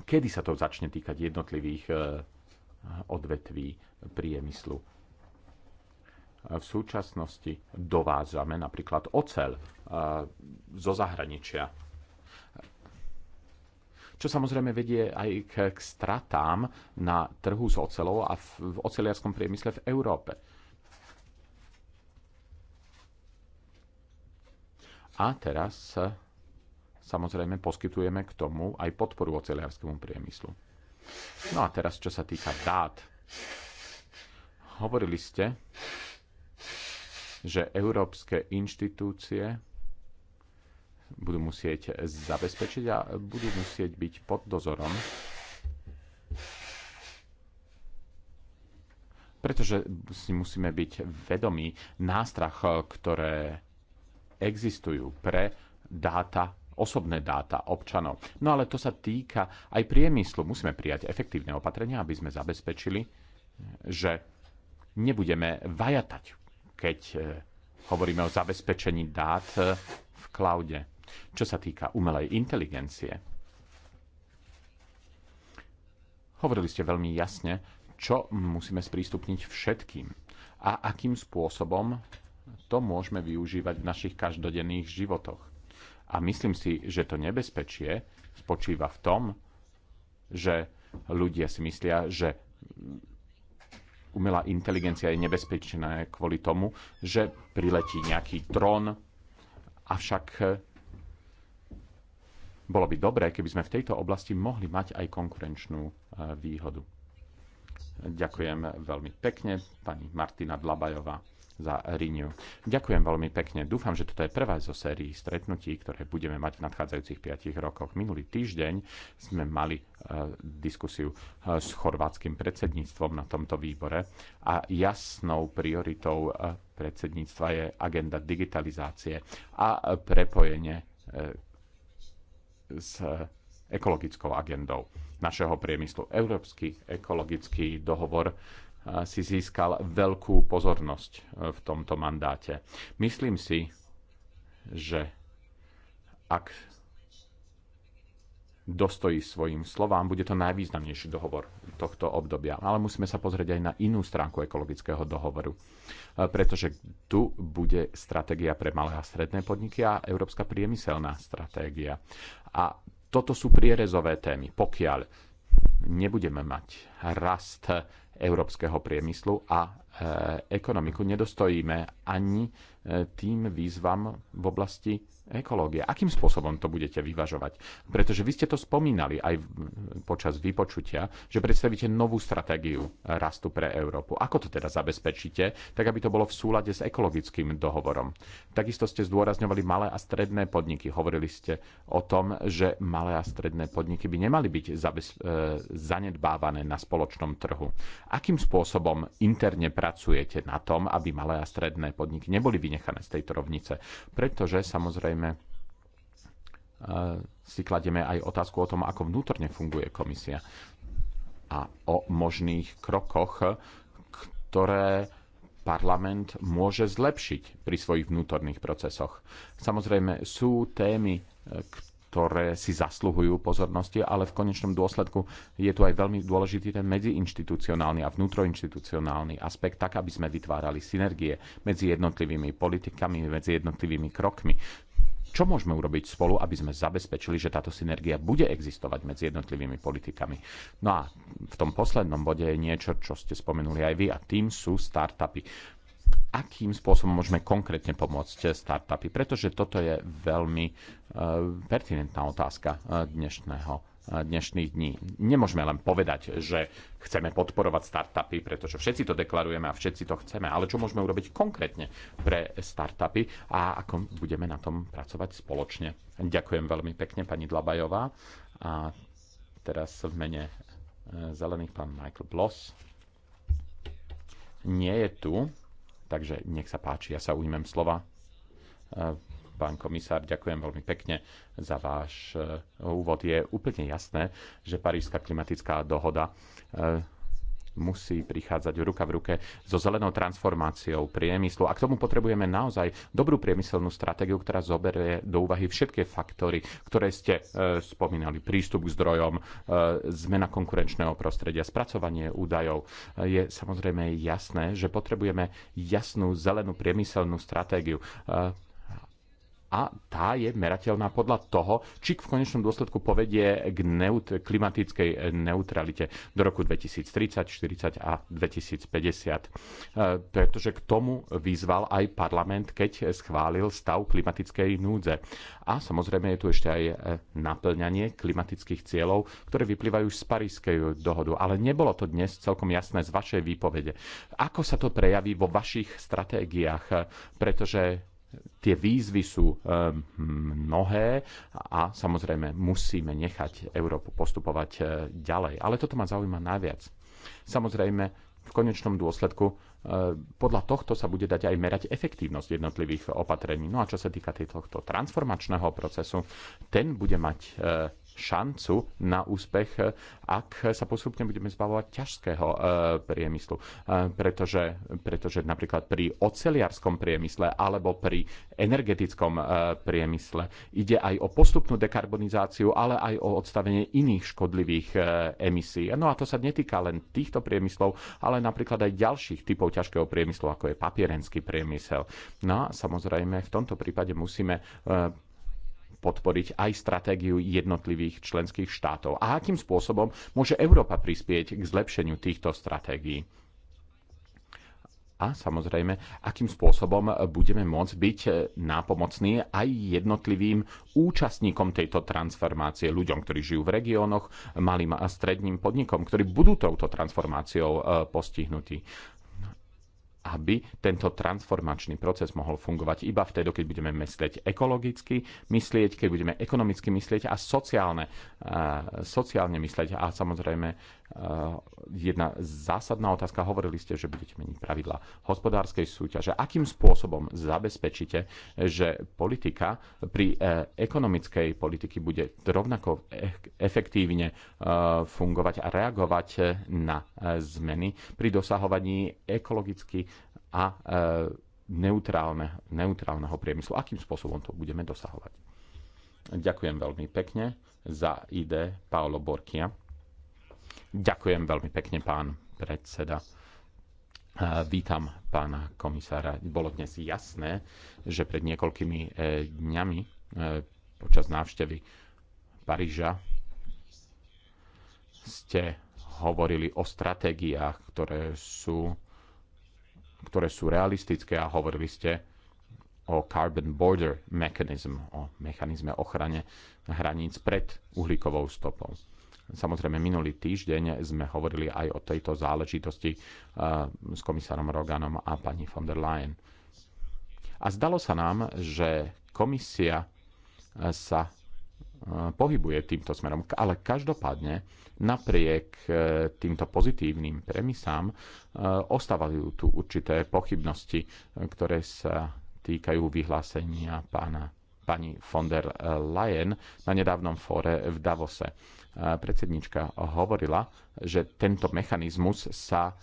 Kedy sa to začne týkať jednotlivých e, odvetví priemyslu? v súčasnosti dovážame napríklad ocel zo zahraničia. Čo samozrejme vedie aj k, k stratám na trhu s ocelou a v, v oceliarskom priemysle v Európe. A teraz e, samozrejme poskytujeme k tomu aj podporu oceliarskému priemyslu. No a teraz, čo sa týka dát. Hovorili ste, že európske inštitúcie budú musieť zabezpečiť a budú musieť byť pod dozorom. Pretože si musíme byť vedomí nástrach, ktoré existujú pre dáta, osobné dáta občanov. No ale to sa týka aj priemyslu. Musíme prijať efektívne opatrenia, aby sme zabezpečili, že nebudeme vajatať keď e, hovoríme o zabezpečení dát e, v cloude. Čo sa týka umelej inteligencie, hovorili ste veľmi jasne, čo musíme sprístupniť všetkým a akým spôsobom to môžeme využívať v našich každodenných životoch. A myslím si, že to nebezpečie spočíva v tom, že ľudia si myslia, že umelá inteligencia je nebezpečná kvôli tomu, že priletí nejaký dron, avšak eh, bolo by dobré, keby sme v tejto oblasti mohli mať aj konkurenčnú eh, výhodu. Ďakujem veľmi pekne, pani Martina Dlabajová za Riniu. Ďakujem veľmi pekne. Dúfam, že toto je prvá zo sérií stretnutí, ktoré budeme mať v nadchádzajúcich 5 rokoch. Minulý týždeň sme mali e, diskusiu e, s chorvátskym predsedníctvom na tomto výbore a jasnou prioritou e, predsedníctva je agenda digitalizácie a prepojenie s ekologickou agendou našeho priemyslu. Európsky ekologický dohovor si získal veľkú pozornosť e, v tomto mandáte. Myslím si, že ak dostojí svojim slovám, bude to najvýznamnejší dohovor tohto obdobia. Ale musíme sa pozrieť aj na inú stránku ekologického dohovoru, e, pretože tu bude stratégia pre malé a stredné podniky a európska priemyselná stratégia. A toto sú prierezové témy. Pokiaľ nebudeme mať rast európskeho priemyslu a e, ekonomiku. Nedostojíme ani E, tým výzvam v oblasti ekológie. Akým spôsobom to budete vyvažovať? Pretože vy ste to spomínali aj počas vypočutia, že predstavíte novú stratégiu rastu pre Európu. Ako to teda zabezpečíte, tak aby to bolo v súlade s ekologickým dohovorom? Takisto ste zdôrazňovali malé a stredné podniky. Hovorili ste o tom, že malé a stredné podniky by nemali byť e, zanedbávané na spoločnom trhu. Akým spôsobom interne pracujete na tom, aby malé a stredné podniky neboli vynechané vynechané z tejto rovnice. Pretože samozrejme e, si kladieme aj otázku o tom, ako vnútorne funguje komisia a o možných krokoch, ktoré parlament môže zlepšiť pri svojich vnútorných procesoch. Samozrejme sú témy, e, ktoré si zasluhujú pozornosti, ale v konečnom dôsledku je tu aj veľmi dôležitý ten medziinštitucionálny a vnútroinštitucionálny aspekt, tak aby sme vytvárali synergie medzi jednotlivými politikami, medzi jednotlivými krokmi. Čo môžeme urobiť spolu, aby sme zabezpečili, že táto synergia bude existovať medzi jednotlivými politikami? No a v tom poslednom bode je niečo, čo ste spomenuli aj vy, a tým sú startupy akým spôsobom môžeme konkrétne pomôcť startupy, pretože toto je veľmi e, pertinentná otázka e, dnešného e, dnešných dní. Nemôžeme len povedať, že chceme podporovať startupy, pretože všetci to deklarujeme a všetci to chceme, ale čo môžeme urobiť konkrétne pre startupy a ako budeme na tom pracovať spoločne. Ďakujem veľmi pekne pani Dlabajová a teraz v mene zelených pán Michael Bloss. Nie je tu. Takže nech sa páči, ja sa ujmem slova. E, pán komisár, ďakujem veľmi pekne za váš e, úvod. Je úplne jasné, že Parížská klimatická dohoda e, musí prichádzať ruka v ruke so zelenou transformáciou priemyslu. A k tomu potrebujeme naozaj dobrú priemyselnú stratégiu, ktorá zoberie do úvahy všetky faktory, ktoré ste e, spomínali. Prístup k zdrojom, e, zmena konkurenčného prostredia, spracovanie údajov. E, je samozrejme jasné, že potrebujeme jasnú zelenú priemyselnú stratégiu. E, a tá je merateľná podľa toho, či v konečnom dôsledku povedie k neut- klimatickej neutralite do roku 2030, 40 a 2050. E, pretože k tomu vyzval aj parlament, keď schválil stav klimatickej núdze. A samozrejme je tu ešte aj e, naplňanie klimatických cieľov, ktoré vyplývajú z Parískej dohodu. Ale nebolo to dnes celkom jasné z vašej výpovede. Ako sa to prejaví vo vašich stratégiách? Pretože tie výzvy sú eh, mnohé a samozrejme musíme nechať Európu postupovať eh, ďalej. Ale toto ma zaujíma najviac. Samozrejme, v konečnom dôsledku eh, podľa tohto sa bude dať aj merať efektívnosť jednotlivých opatrení. No a čo sa týka tohto transformačného procesu, ten bude mať šancu na úspech, ak sa postupne budeme zbavovať ťažského e, priemyslu. E, pretože, pretože napríklad pri oceliarskom priemysle alebo pri energetickom e, priemysle ide aj o postupnú dekarbonizáciu, ale aj o odstavenie iných škodlivých emisí. No a to sa netýka len týchto priemyslov, ale napríklad aj ďalších typov ťažkého priemyslu, ako je papierenský priemysel. No a samozrejme v tomto prípade musíme podporiť aj stratégiu jednotlivých členských štátov? A akým spôsobom môže Európa prispieť k zlepšeniu týchto stratégií? a samozrejme, akým spôsobom budeme môcť byť nápomocní aj jednotlivým účastníkom tejto transformácie, ľuďom, ktorí žijú v regiónoch, malým a stredným podnikom, ktorí budú touto transformáciou eh, postihnutí aby tento transformačný proces mohol fungovať iba vtedy, keď budeme myslieť ekologicky, myslieť, keď budeme ekonomicky myslieť a sociálne, a eh, sociálne myslieť a samozrejme jedna zásadná otázka. Hovorili ste, že budete meniť pravidla hospodárskej súťaže. Akým spôsobom zabezpečíte, že politika pri e, ekonomickej politiky bude rovnako efektívne e, fungovať a reagovať na e, zmeny pri dosahovaní ekologicky a neutrálne, neutrálneho priemyslu. Akým spôsobom to budeme dosahovať? Ďakujem veľmi pekne za ide Paolo Borkia. Ďakujem veľmi pekne, pán predseda. E, vítam pána komisára. Bolo dnes jasné, že pred niekoľkými e, dňami e, počas návštevy Paríža ste hovorili o stratégiách, ktoré sú, ktoré sú realistické a hovorili ste o Carbon Border Mechanism, o mechanizme ochrane hraníc pred uhlíkovou stopou Samozrejme, minulý týždeň sme hovorili aj o tejto záležitosti eh, s komisárom Roganom a pani von der Leyen. A zdalo sa nám, že komisia eh, sa eh, pohybuje týmto smerom. Ale každopádne, napriek týmto pozitívnym premisám, ostávajú tu určité pochybnosti, ktoré sa týkajú vyhlásenia pána pani von der Leyen na nedávnom fóre v Davose. Predsednička hovorila, že tento mechanizmus sa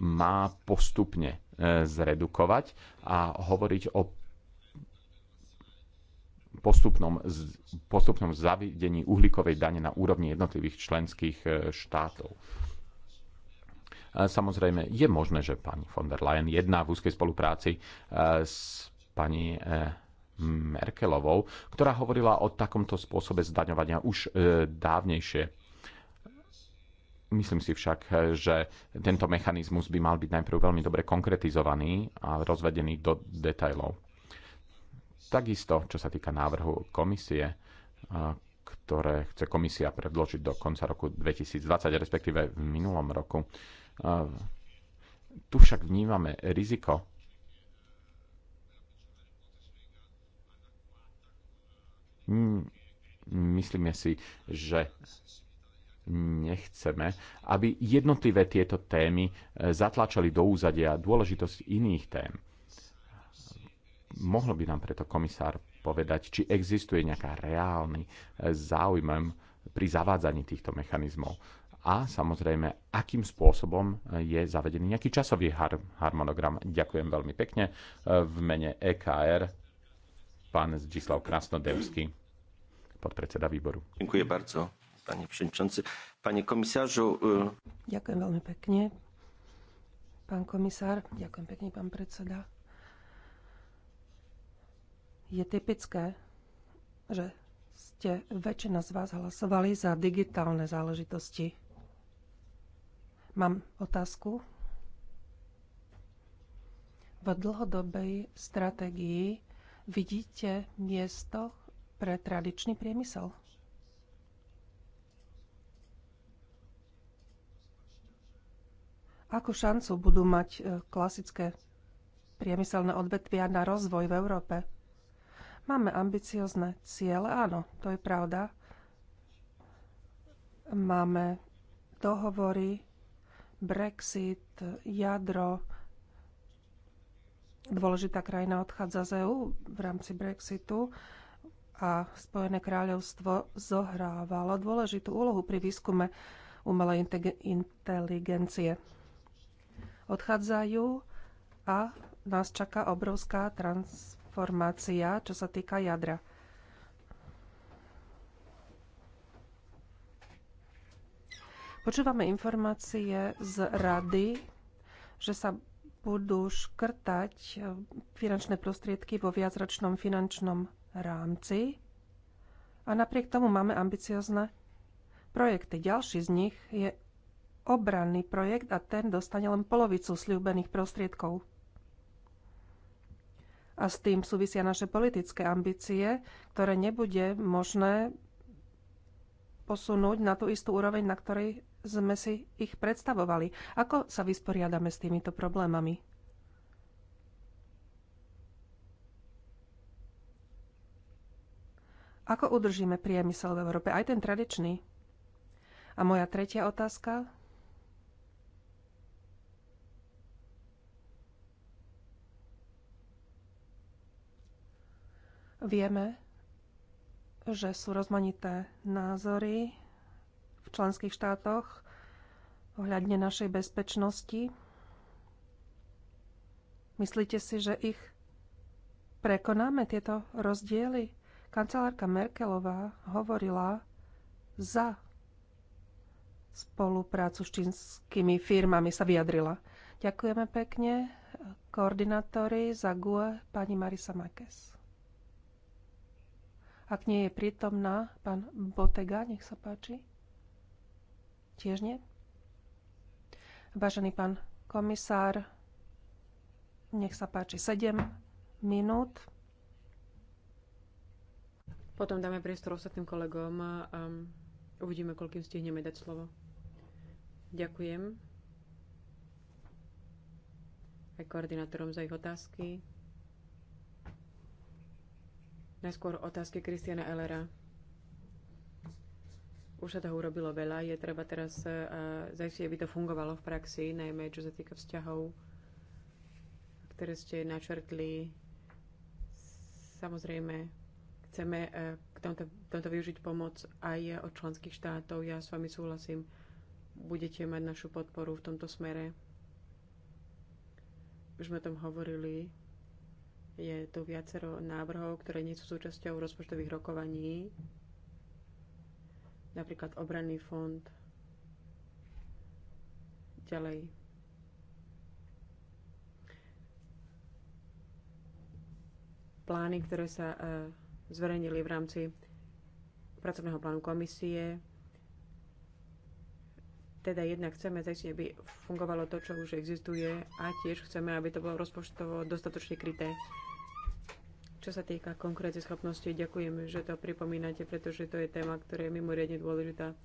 má postupne e, zredukovať a hovoriť o postupnom, postupnom zavedení uhlíkovej dane na úrovni jednotlivých členských e, štátov. Samozrejme, je možné, že pani von der Leyen jedná v úzkej spolupráci e, s pani Merkelovou, ktorá hovorila o takomto spôsobe zdaňovania už e, dávnejšie. Myslím si však, že tento mechanizmus by mal byť najprv veľmi dobre konkretizovaný a rozvedený do detajlov. Takisto, čo sa týka návrhu komisie, e, ktoré chce komisia predložiť do konca roku 2020, respektíve v minulom roku. E, tu však vnímame riziko myslíme si, že nechceme, aby jednotlivé tieto témy e, zatlačali do úzadia dôležitosť iných tém. Mohlo by nám preto komisár povedať, či existuje nejaká reálny e, záujem pri zavádzaní týchto mechanizmov a samozrejme, akým spôsobom e, je zavedený nejaký časový har- harmonogram. Ďakujem veľmi pekne. V mene EKR pán Zdislav Krasnodevský podpredseda výboru. Ďakujem bardzo, pani przewodniczący. Panie komisarzu... Ďakujem veľmi pekne, pán komisár. Ďakujem pekne, pán predseda. Je typické, že ste väčšina z vás hlasovali za digitálne záležitosti. Mám otázku. V dlhodobej stratégii vidíte miesto pre tradičný priemysel. Akú šancu budú mať e, klasické priemyselné odvetvia na rozvoj v Európe? Máme ambiciozne ciele, áno, to je pravda. Máme dohovory, Brexit, jadro. Dôležitá krajina odchádza z EÚ v rámci Brexitu a Spojené kráľovstvo zohrávalo dôležitú úlohu pri výskume umelej inteligencie. Odchádzajú a nás čaká obrovská transformácia, čo sa týka jadra. Počúvame informácie z rady, že sa budú škrtať finančné prostriedky vo viacročnom finančnom rámci a napriek tomu máme ambiciozne projekty. Ďalší z nich je obranný projekt a ten dostane len polovicu sľúbených prostriedkov. A s tým súvisia naše politické ambície, ktoré nebude možné posunúť na tú istú úroveň, na ktorej sme si ich predstavovali. Ako sa vysporiadame s týmito problémami? Ako udržíme priemysel v Európe, aj ten tradičný? A moja tretia otázka. Vieme, že sú rozmanité názory v členských štátoch ohľadne našej bezpečnosti. Myslíte si, že ich prekonáme, tieto rozdiely? Kancelárka Merkelová hovorila za spoluprácu s čínskymi firmami, sa vyjadrila. Ďakujeme pekne koordinátori za GUE pani Marisa Makes. Ak nie je prítomná, pán Botega, nech sa páči. Tiež nie? Vážený pán komisár, nech sa páči 7 minút. Potom dáme priestor ostatným kolegom a uvidíme, koľkým stihneme dať slovo. Ďakujem aj koordinátorom za ich otázky. Najskôr otázky Kristiana Elera. Už sa toho urobilo veľa, je treba teraz uh, zajistiť, aby to fungovalo v praxi, najmä čo sa týka vzťahov, ktoré ste načrtli. Samozrejme, Chceme e, k tomto, tomto využiť pomoc aj od členských štátov. Ja s vami súhlasím. Budete mať našu podporu v tomto smere. Už sme o tom hovorili. Je tu viacero návrhov, ktoré nie sú súčasťou rozpočtových rokovaní. Napríklad obranný fond. Ďalej. plány, ktoré sa e, zverejnili v rámci pracovného plánu komisie. Teda jednak chceme zaistiť, aby fungovalo to, čo už existuje a tiež chceme, aby to bolo rozpočtovo dostatočne kryté. Čo sa týka konkurencie schopnosti, ďakujem, že to pripomínate, pretože to je téma, ktorá je mimoriadne dôležitá.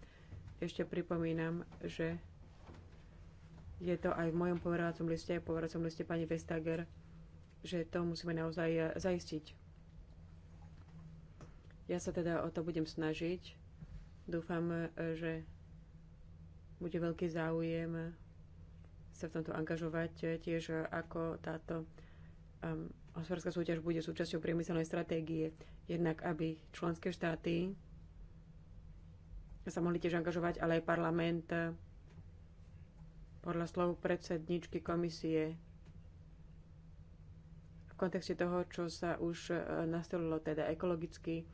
Ešte pripomínam, že je to aj v mojom poveracom liste, poveracom liste pani Vestager, že to musíme naozaj zaistiť ja sa teda o to budem snažiť. Dúfam, že bude veľký záujem sa v tomto angažovať tiež, ako táto um, hospodárska súťaž bude súčasťou priemyselnej stratégie. Jednak, aby členské štáty sa mohli tiež angažovať, ale aj parlament podľa slov predsedničky komisie v kontexte toho, čo sa už eh, nastolilo, teda ekologicky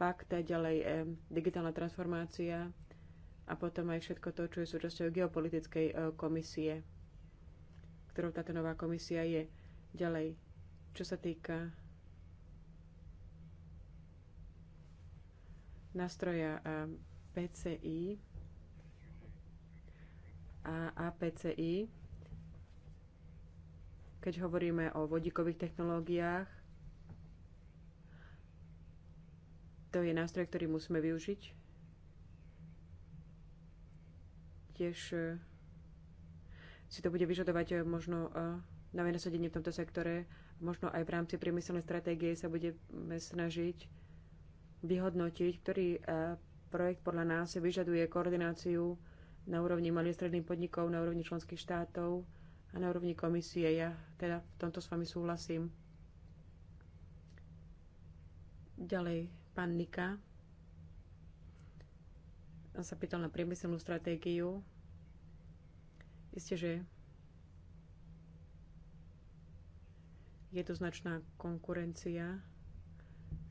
pakt, ďalej e, digitálna transformácia a potom aj všetko to, čo je súčasťou geopolitickej e, komisie, ktorou táto nová komisia je. Ďalej, čo sa týka nástroja e, PCI a APCI, keď hovoríme o vodíkových technológiách, To je nástroj, ktorý musíme využiť. Tiež e, si to bude vyžadovať e, možno e, na nasadenie v tomto sektore, možno aj v rámci priemyselnej stratégie sa budeme snažiť vyhodnotiť, ktorý projekt podľa nás vyžaduje koordináciu na úrovni malých stredných podnikov, na úrovni členských štátov a na úrovni komisie. Ja teda v tomto s vami súhlasím. Ďalej, Pán On sa pýtal na priemyselnú stratégiu. Isté, že je tu značná konkurencia.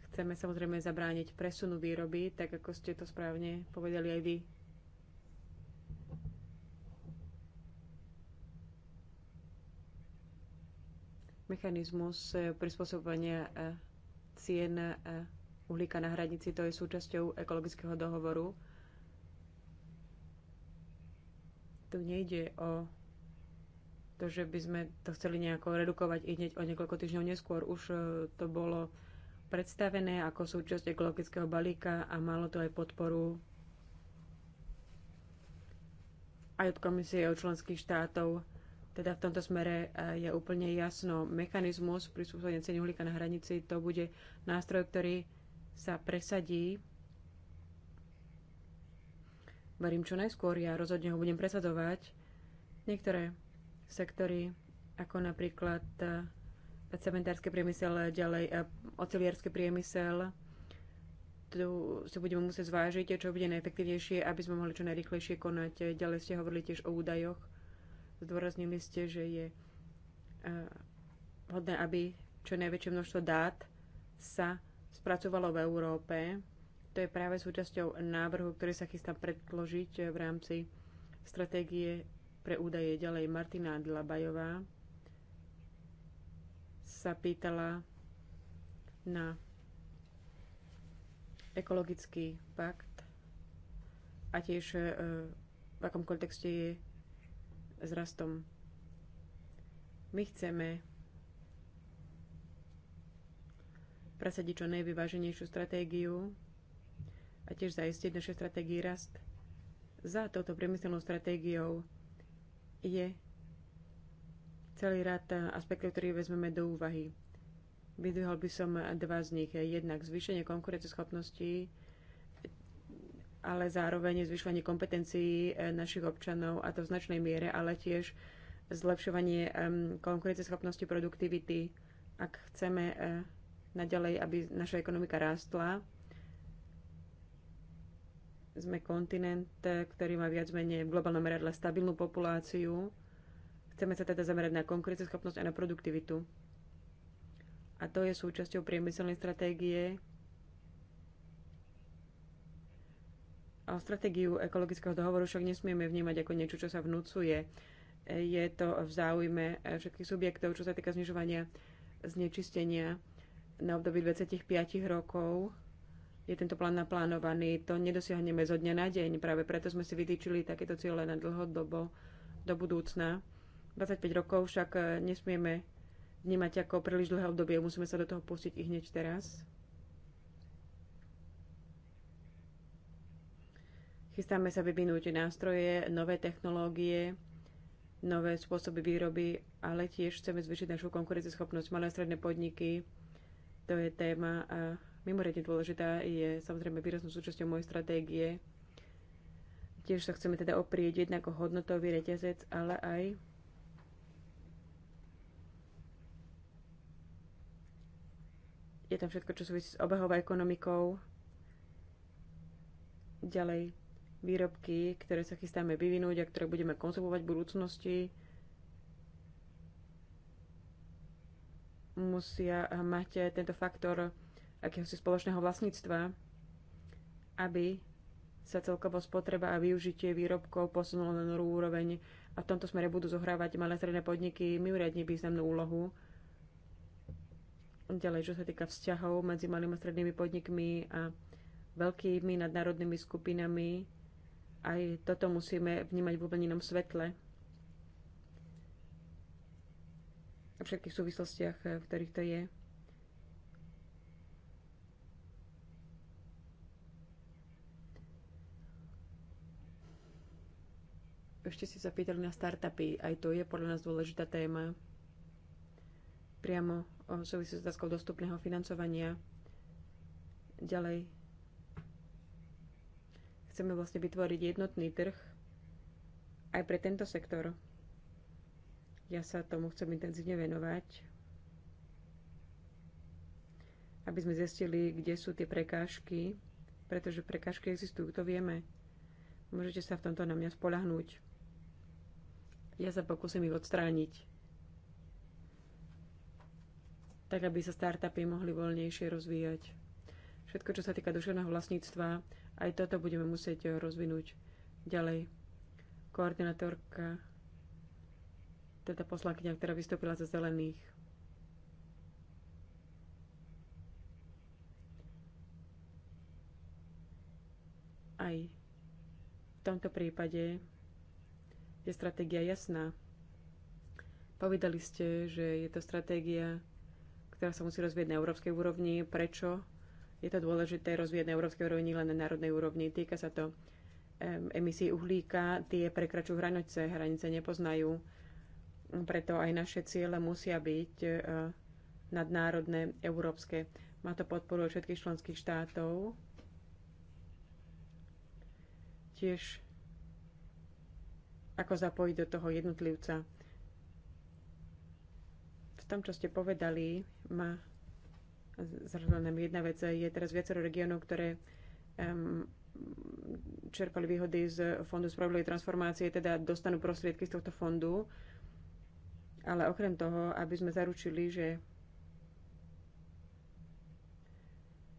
Chceme samozrejme zabrániť presunu výroby, tak ako ste to správne povedali aj vy. Mechanizmus prispôsobovania eh, cien eh, uhlíka na hranici, to je súčasťou ekologického dohovoru. Tu nejde o to, že by sme to chceli nejako redukovať i hneď o niekoľko týždňov neskôr. Už e, to bolo predstavené ako súčasť ekologického balíka a malo to aj podporu aj od komisie od členských štátov. Teda v tomto smere e, je úplne jasno mechanizmus prispôsobenia ceny uhlíka na hranici. To bude nástroj, ktorý sa presadí. Verím čo najskôr, ja rozhodne ho budem presadovať. Niektoré sektory, ako napríklad eh, cementársky priemysel, ďalej eh, oceliársky priemysel, tu si budeme musieť zvážiť, čo bude najefektívnejšie, aby sme mohli čo najrychlejšie konať. Ďalej ste hovorili tiež o údajoch. Zdôraznili ste, že je eh, vhodné, aby čo najväčšie množstvo dát sa spracovalo v Európe. To je práve súčasťou návrhu, ktorý sa chystá predložiť v rámci stratégie pre údaje ďalej Martina Dlabajová sa pýtala na ekologický pakt a tiež e, v akom kontexte je s rastom. My chceme presadiť čo najvyváženejšiu stratégiu a tiež zaistiť našej stratégii rast. Za touto priemyselnou stratégiou je celý rad aspektov, ktorý vezmeme do úvahy. Vydvihol by som dva z nich. Jednak zvýšenie konkurenceschopnosti, ale zároveň zvyšovanie kompetencií eh, našich občanov, a to v značnej miere, ale tiež zlepšovanie konkurenceschopnosti produktivity, ak chceme eh, naďalej, aby naša ekonomika rástla. Sme kontinent, ktorý má viac menej v globálnom meradle stabilnú populáciu. Chceme sa teda zamerať na konkurenceschopnosť a na produktivitu. A to je súčasťou priemyselnej stratégie a stratégiu ekologického dohovoru však nesmieme vnímať ako niečo, čo sa vnúcuje. Je to v záujme všetkých subjektov, čo sa týka znižovania znečistenia na období 25 rokov je tento plán naplánovaný. To nedosiahneme zo dňa na deň, práve preto sme si vytýčili takéto ciele na dlhodobo do budúcna. 25 rokov však eh, nesmieme vnímať ako príliš dlhé obdobie, musíme sa do toho pustiť i hneď teraz. Chystáme sa vyvinúť nástroje, nové technológie, nové spôsoby výroby, ale tiež chceme zvýšiť našu konkurencieschopnosť. Malé a stredné podniky to je téma a mimoriadne dôležitá je samozrejme výraznou súčasťou mojej stratégie. Tiež sa chceme teda oprieť jednak o hodnotový reťazec, ale aj je tam všetko, čo súvisí s obehovou ekonomikou. Ďalej výrobky, ktoré sa chystáme vyvinúť a ktoré budeme konzumovať v budúcnosti. musia mať tento faktor akéhosi spoločného vlastníctva, aby sa celkovo spotreba a využitie výrobkov posunulo na novú úroveň a v tomto smere budú zohrávať malé stredné podniky mimoriadne významnú úlohu. Ďalej, čo sa týka vzťahov medzi malými a strednými podnikmi a veľkými nadnárodnými skupinami, aj toto musíme vnímať v úplne inom svetle. a všetkých súvislostiach, eh, v ktorých to je. Ešte si sa pýtali na startupy. Aj to je podľa nás dôležitá téma. Priamo o eh, súvisí s otázkou dostupného financovania. Ďalej. Chceme vlastne vytvoriť jednotný trh aj pre tento sektor. Ja sa tomu chcem intenzívne venovať, aby sme zistili, kde sú tie prekážky, pretože prekážky existujú, to vieme. Môžete sa v tomto na mňa spolahnúť. Ja sa pokúsim ich odstrániť tak aby sa startupy mohli voľnejšie rozvíjať. Všetko, čo sa týka duševného vlastníctva, aj toto budeme musieť rozvinúť ďalej. Koordinátorka teda poslankyňa, ktorá vystúpila za zelených. Aj v tomto prípade je stratégia jasná. Povedali ste, že je to stratégia, ktorá sa musí rozvieť na európskej úrovni. Prečo je to dôležité rozvieť na európskej úrovni, len na národnej úrovni? Týka sa to emisí uhlíka, tie prekračujú hranice, hranice nepoznajú preto aj naše ciele musia byť e, nadnárodné, európske. Má to podporu všetkých členských štátov. Tiež ako zapojiť do toho jednotlivca. V tom, čo ste povedali, ma zrovna jedna vec. Je teraz viacero regiónov, ktoré um, čerpali výhody z Fondu spravodlivej transformácie, teda dostanú prostriedky z tohto fondu ale okrem toho, aby sme zaručili, že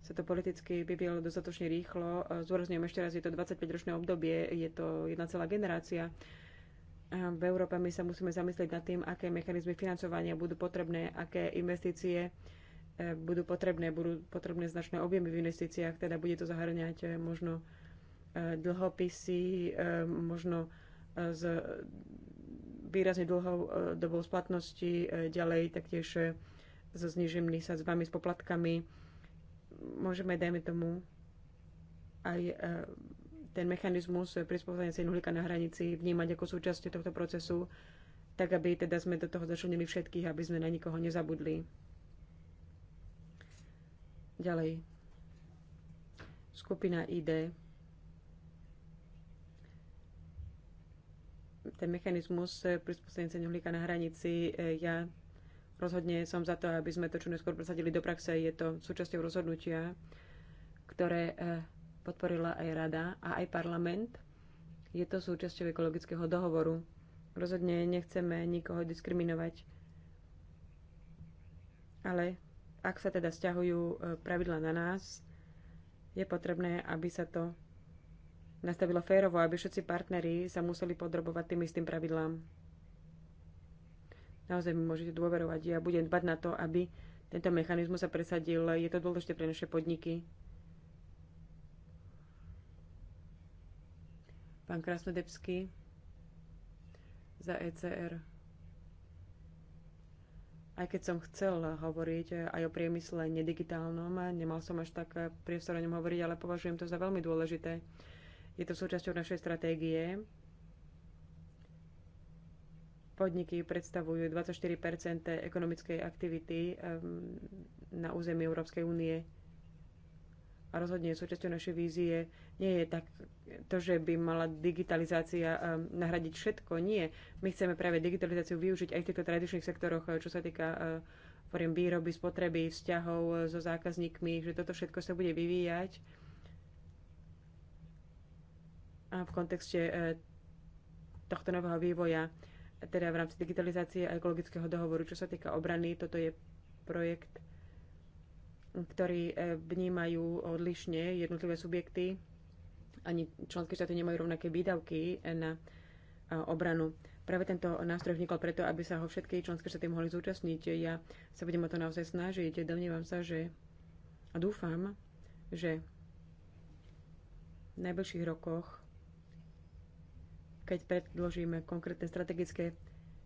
sa to politicky vyvíjalo dostatočne rýchlo. Zdôrazňujem ešte raz, je to 25-ročné obdobie, je to jedna celá generácia. V Európe my sa musíme zamyslieť nad tým, aké mechanizmy financovania budú potrebné, aké investície e, budú potrebné, budú potrebné značné objemy v investíciách, teda bude to zahrňať e, možno e, dlhopisy, možno z výrazne dlhou e, dobou splatnosti, e, ďalej taktiež e, so zniženými sadzbami, s poplatkami. Môžeme, dajme tomu, aj ten mechanizmus prispôsobenia cien uhlíka na hranici vnímať ako súčasť tohto procesu, tak aby teda sme do toho začlenili všetkých, aby sme na nikoho nezabudli. Ďalej. Skupina ID ten mechanizmus prispôsobenia uhlíka na hranici. Ja rozhodne som za to, aby sme to čo neskôr presadili do praxe. Je to súčasťou rozhodnutia, ktoré eh, podporila aj rada a aj parlament. Je to súčasťou ekologického dohovoru. Rozhodne nechceme nikoho diskriminovať. Ale ak sa teda stiahujú eh, pravidla na nás, je potrebné, aby sa to nastavilo férovo, aby všetci partneri sa museli podrobovať tým istým pravidlám. Naozaj mi môžete dôverovať. Ja budem dbať na to, aby tento mechanizmus sa presadil. Je to dôležité pre naše podniky. Pán Krasnodebský za ECR. Aj keď som chcel hovoriť aj o priemysle nedigitálnom, nemal som až tak priestor o ňom hovoriť, ale považujem to za veľmi dôležité. Je to súčasťou našej stratégie. Podniky predstavujú 24 ekonomickej aktivity ehm, na území Európskej únie. A rozhodne súčasťou našej vízie nie je tak to, že by mala digitalizácia ehm, nahradiť všetko. Nie. My chceme práve digitalizáciu využiť aj v týchto tradičných sektoroch, eh, čo sa týka eh, výroby, spotreby, vzťahov eh, so zákazníkmi, že toto všetko sa bude vyvíjať v kontexte e, tohto nového vývoja, teda v rámci digitalizácie a ekologického dohovoru. Čo sa týka obrany, toto je projekt, ktorý e, vnímajú odlišne jednotlivé subjekty. Ani členské štáty nemajú rovnaké výdavky na e, obranu. Práve tento nástroj vznikol preto, aby sa ho všetky členské štáty mohli zúčastniť. Ja sa budem o to naozaj snažiť. Domnívam sa, že a dúfam, že v najbližších rokoch keď predložíme konkrétne strategické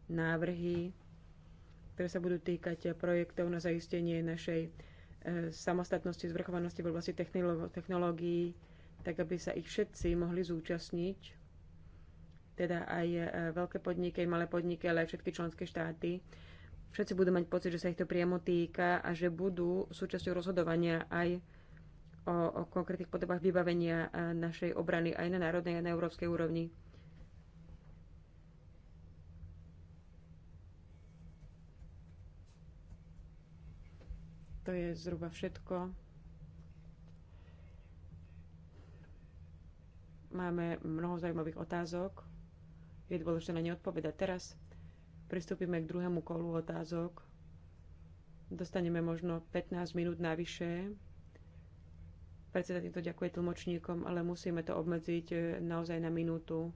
návrhy, ktoré sa budú týkať projektov na zaistenie našej e, samostatnosti, zvrchovanosti v oblasti technológií, tak aby sa ich všetci mohli zúčastniť, teda aj e, veľké podniky, aj malé podniky, ale aj všetky členské štáty. Všetci budú mať pocit, že sa ich to priamo týka a že budú súčasťou rozhodovania aj o, o konkrétnych podobách vybavenia e, našej obrany aj na národnej, aj na európskej úrovni. To je zhruba všetko. Máme mnoho zaujímavých otázok. Je dôležité na ne odpovedať. Teraz pristúpime k druhému kolu otázok. Dostaneme možno 15 minút navyše. Predseda týmto ďakuje tlmočníkom, ale musíme to obmedziť e, naozaj na minútu.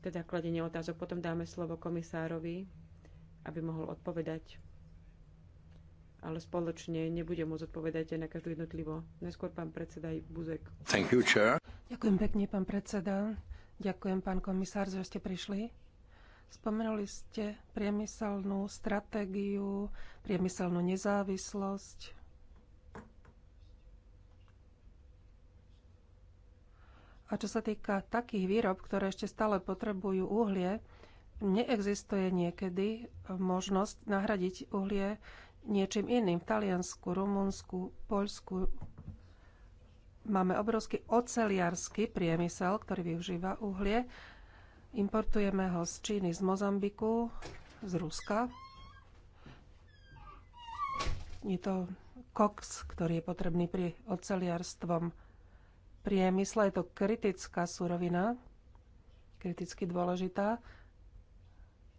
Teda kladenie otázok. Potom dáme slovo komisárovi, aby mohol odpovedať ale spoločne nebudem môcť odpovedať aj na každú jednotlivo. Neskôr pán predseda Buzek. Thank you, chair. Ďakujem pekne, pán predseda. Ďakujem, pán komisár, že ste prišli. Spomenuli ste priemyselnú stratégiu, priemyselnú nezávislosť. A čo sa týka takých výrob, ktoré ešte stále potrebujú uhlie, neexistuje niekedy možnosť nahradiť uhlie niečím iným. V Taliansku, Rumunsku, Poľsku máme obrovský oceliarský priemysel, ktorý využíva uhlie. Importujeme ho z Číny, z Mozambiku, z Ruska. Je to koks, ktorý je potrebný pri oceliarstvom priemysle. Je to kritická surovina, kriticky dôležitá.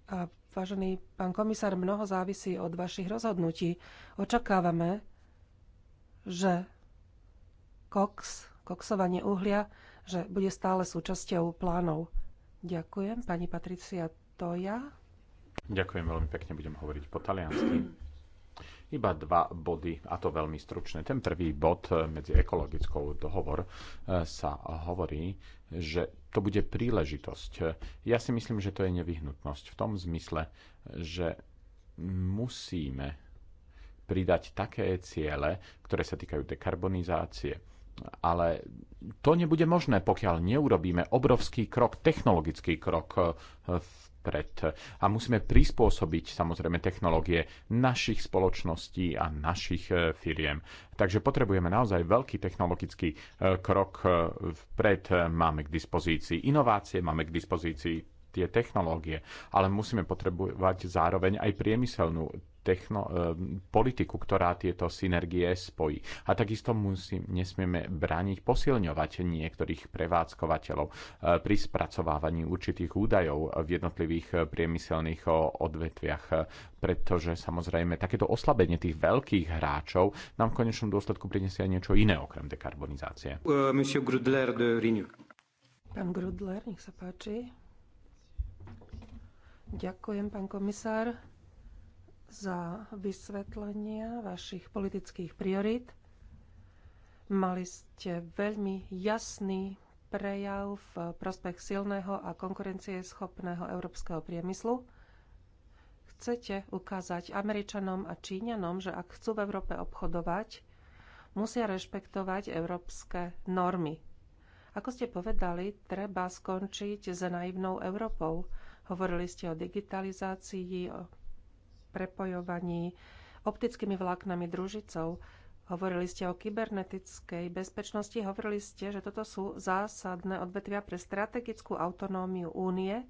A Vážený pán komisár, mnoho závisí od vašich rozhodnutí. Očakávame, že Cox, koksovanie uhlia, že bude stále súčasťou plánov. Ďakujem, pani Patricia Toja. Ďakujem veľmi pekne, budem hovoriť po taliansky iba dva body, a to veľmi stručné. Ten prvý bod eh, medzi ekologickou dohovor eh, sa hovorí, že to bude príležitosť. Ja si myslím, že to je nevyhnutnosť v tom zmysle, že musíme pridať také ciele, ktoré sa týkajú dekarbonizácie. Ale to nebude možné, pokiaľ neurobíme obrovský krok, technologický krok eh, v pred. A musíme prispôsobiť samozrejme technológie našich spoločností a našich e, firiem. Takže potrebujeme naozaj veľký technologický e, krok e, vpred. Máme k dispozícii inovácie, máme k dispozícii tie technológie, ale musíme potrebovať zároveň aj priemyselnú techno, eh, politiku, ktorá tieto synergie spojí. A takisto musí, nesmieme brániť posilňovať niektorých prevádzkovateľov eh, pri spracovávaní určitých údajov v jednotlivých eh, priemyselných odvetviach, pretože samozrejme takéto oslabenie tých veľkých hráčov nám v konečnom dôsledku prinesie aj niečo iné okrem dekarbonizácie. Pán Grudler, nech sa páči. Ďakujem, pán komisár, za vysvetlenia vašich politických priorít. Mali ste veľmi jasný prejav v prospech silného a konkurencieschopného európskeho priemyslu. Chcete ukázať Američanom a Číňanom, že ak chcú v Európe obchodovať, musia rešpektovať európske normy. Ako ste povedali, treba skončiť s naivnou Európou. Hovorili ste o digitalizácii, o prepojovaní optickými vláknami družicou. Hovorili ste o kybernetickej bezpečnosti, hovorili ste, že toto sú zásadné odvetvia pre strategickú autonómiu únie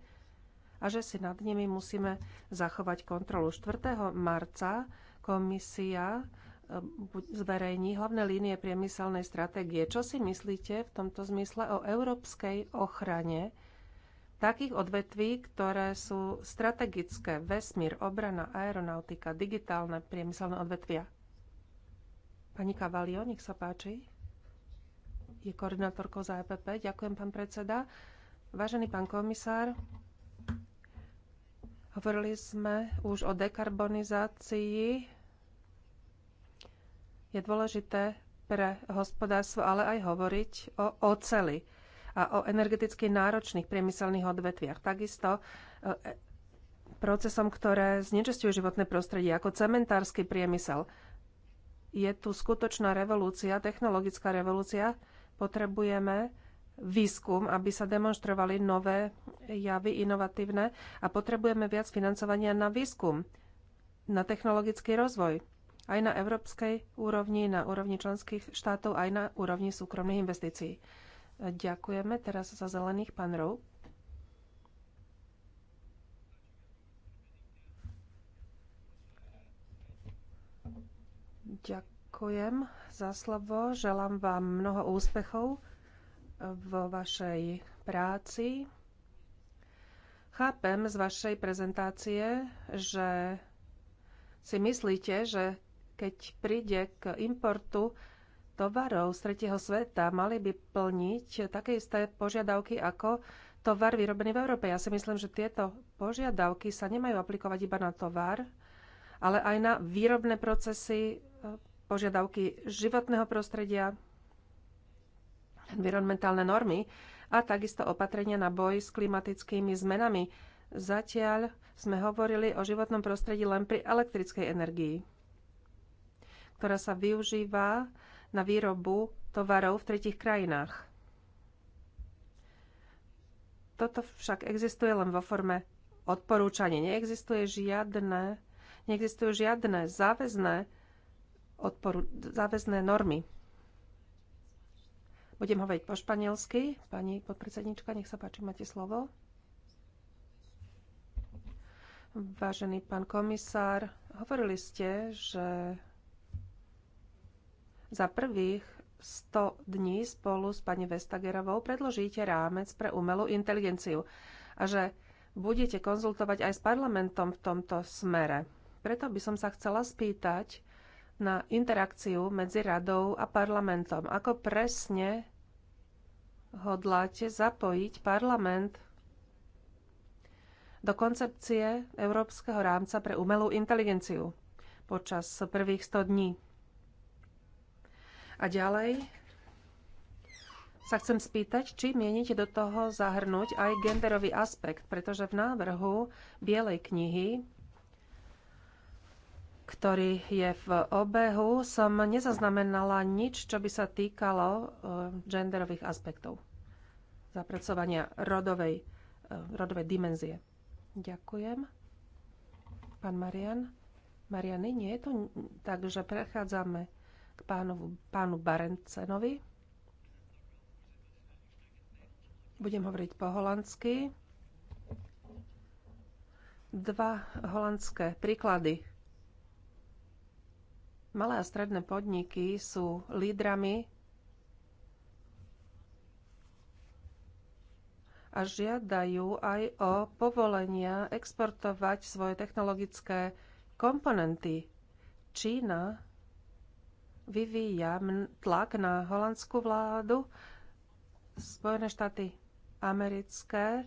a že si nad nimi musíme zachovať kontrolu. 4. marca komisia e, zverejní hlavné línie priemyselnej stratégie. Čo si myslíte v tomto zmysle o európskej ochrane takých odvetví, ktoré sú strategické, vesmír, obrana, aeronautika, digitálne priemyselné odvetvia. Pani Kavalio, nech sa páči. Je koordinátorkou za EPP. Ďakujem, pán predseda. Vážený pán komisár, hovorili sme už o dekarbonizácii. Je dôležité pre hospodárstvo, ale aj hovoriť o oceli a o energeticky náročných priemyselných odvetviach. Takisto e, procesom, ktoré znečistujú životné prostredie, ako cementársky priemysel. Je tu skutočná revolúcia, technologická revolúcia. Potrebujeme výskum, aby sa demonstrovali nové javy, inovatívne a potrebujeme viac financovania na výskum, na technologický rozvoj aj na európskej úrovni, na úrovni členských štátov, aj na úrovni súkromných investícií. Ďakujeme teraz za zelených pán Rou. Ďakujem za slovo. Želám vám mnoho úspechov vo vašej práci. Chápem z vašej prezentácie, že si myslíte, že keď príde k importu tovarov z tretieho sveta mali by plniť také isté požiadavky ako tovar vyrobený v Európe. Ja si myslím, že tieto požiadavky sa nemajú aplikovať iba na tovar, ale aj na výrobné procesy, požiadavky životného prostredia, environmentálne normy a takisto opatrenia na boj s klimatickými zmenami. Zatiaľ sme hovorili o životnom prostredí len pri elektrickej energii, ktorá sa využíva na výrobu tovarov v tretich krajinách. Toto však existuje len vo forme odporúčania. Neexistuje žiadne, neexistujú žiadne záväzné, odporu, záväzné normy. Budem hovoriť po španielsky. Pani podpredsednička, nech sa páči, máte slovo. Vážený pán komisár, hovorili ste, že za prvých 100 dní spolu s pani Vestagerovou predložíte rámec pre umelú inteligenciu a že budete konzultovať aj s parlamentom v tomto smere. Preto by som sa chcela spýtať na interakciu medzi radou a parlamentom. Ako presne hodláte zapojiť parlament do koncepcie Európskeho rámca pre umelú inteligenciu počas prvých 100 dní? A ďalej sa chcem spýtať, či mienite do toho zahrnúť aj genderový aspekt, pretože v návrhu Bielej knihy, ktorý je v obehu, som nezaznamenala nič, čo by sa týkalo e, genderových aspektov zapracovania rodovej, e, rodovej dimenzie. Ďakujem. Pán Marian? Mariany, nie je to tak, že prechádzame k pánovu, pánu Barencenovi. Budem hovoriť po holandsky. Dva holandské príklady. Malé a stredné podniky sú lídrami a žiadajú aj o povolenia exportovať svoje technologické komponenty. Čína vyvíja tlak na holandskú vládu. Spojené štáty americké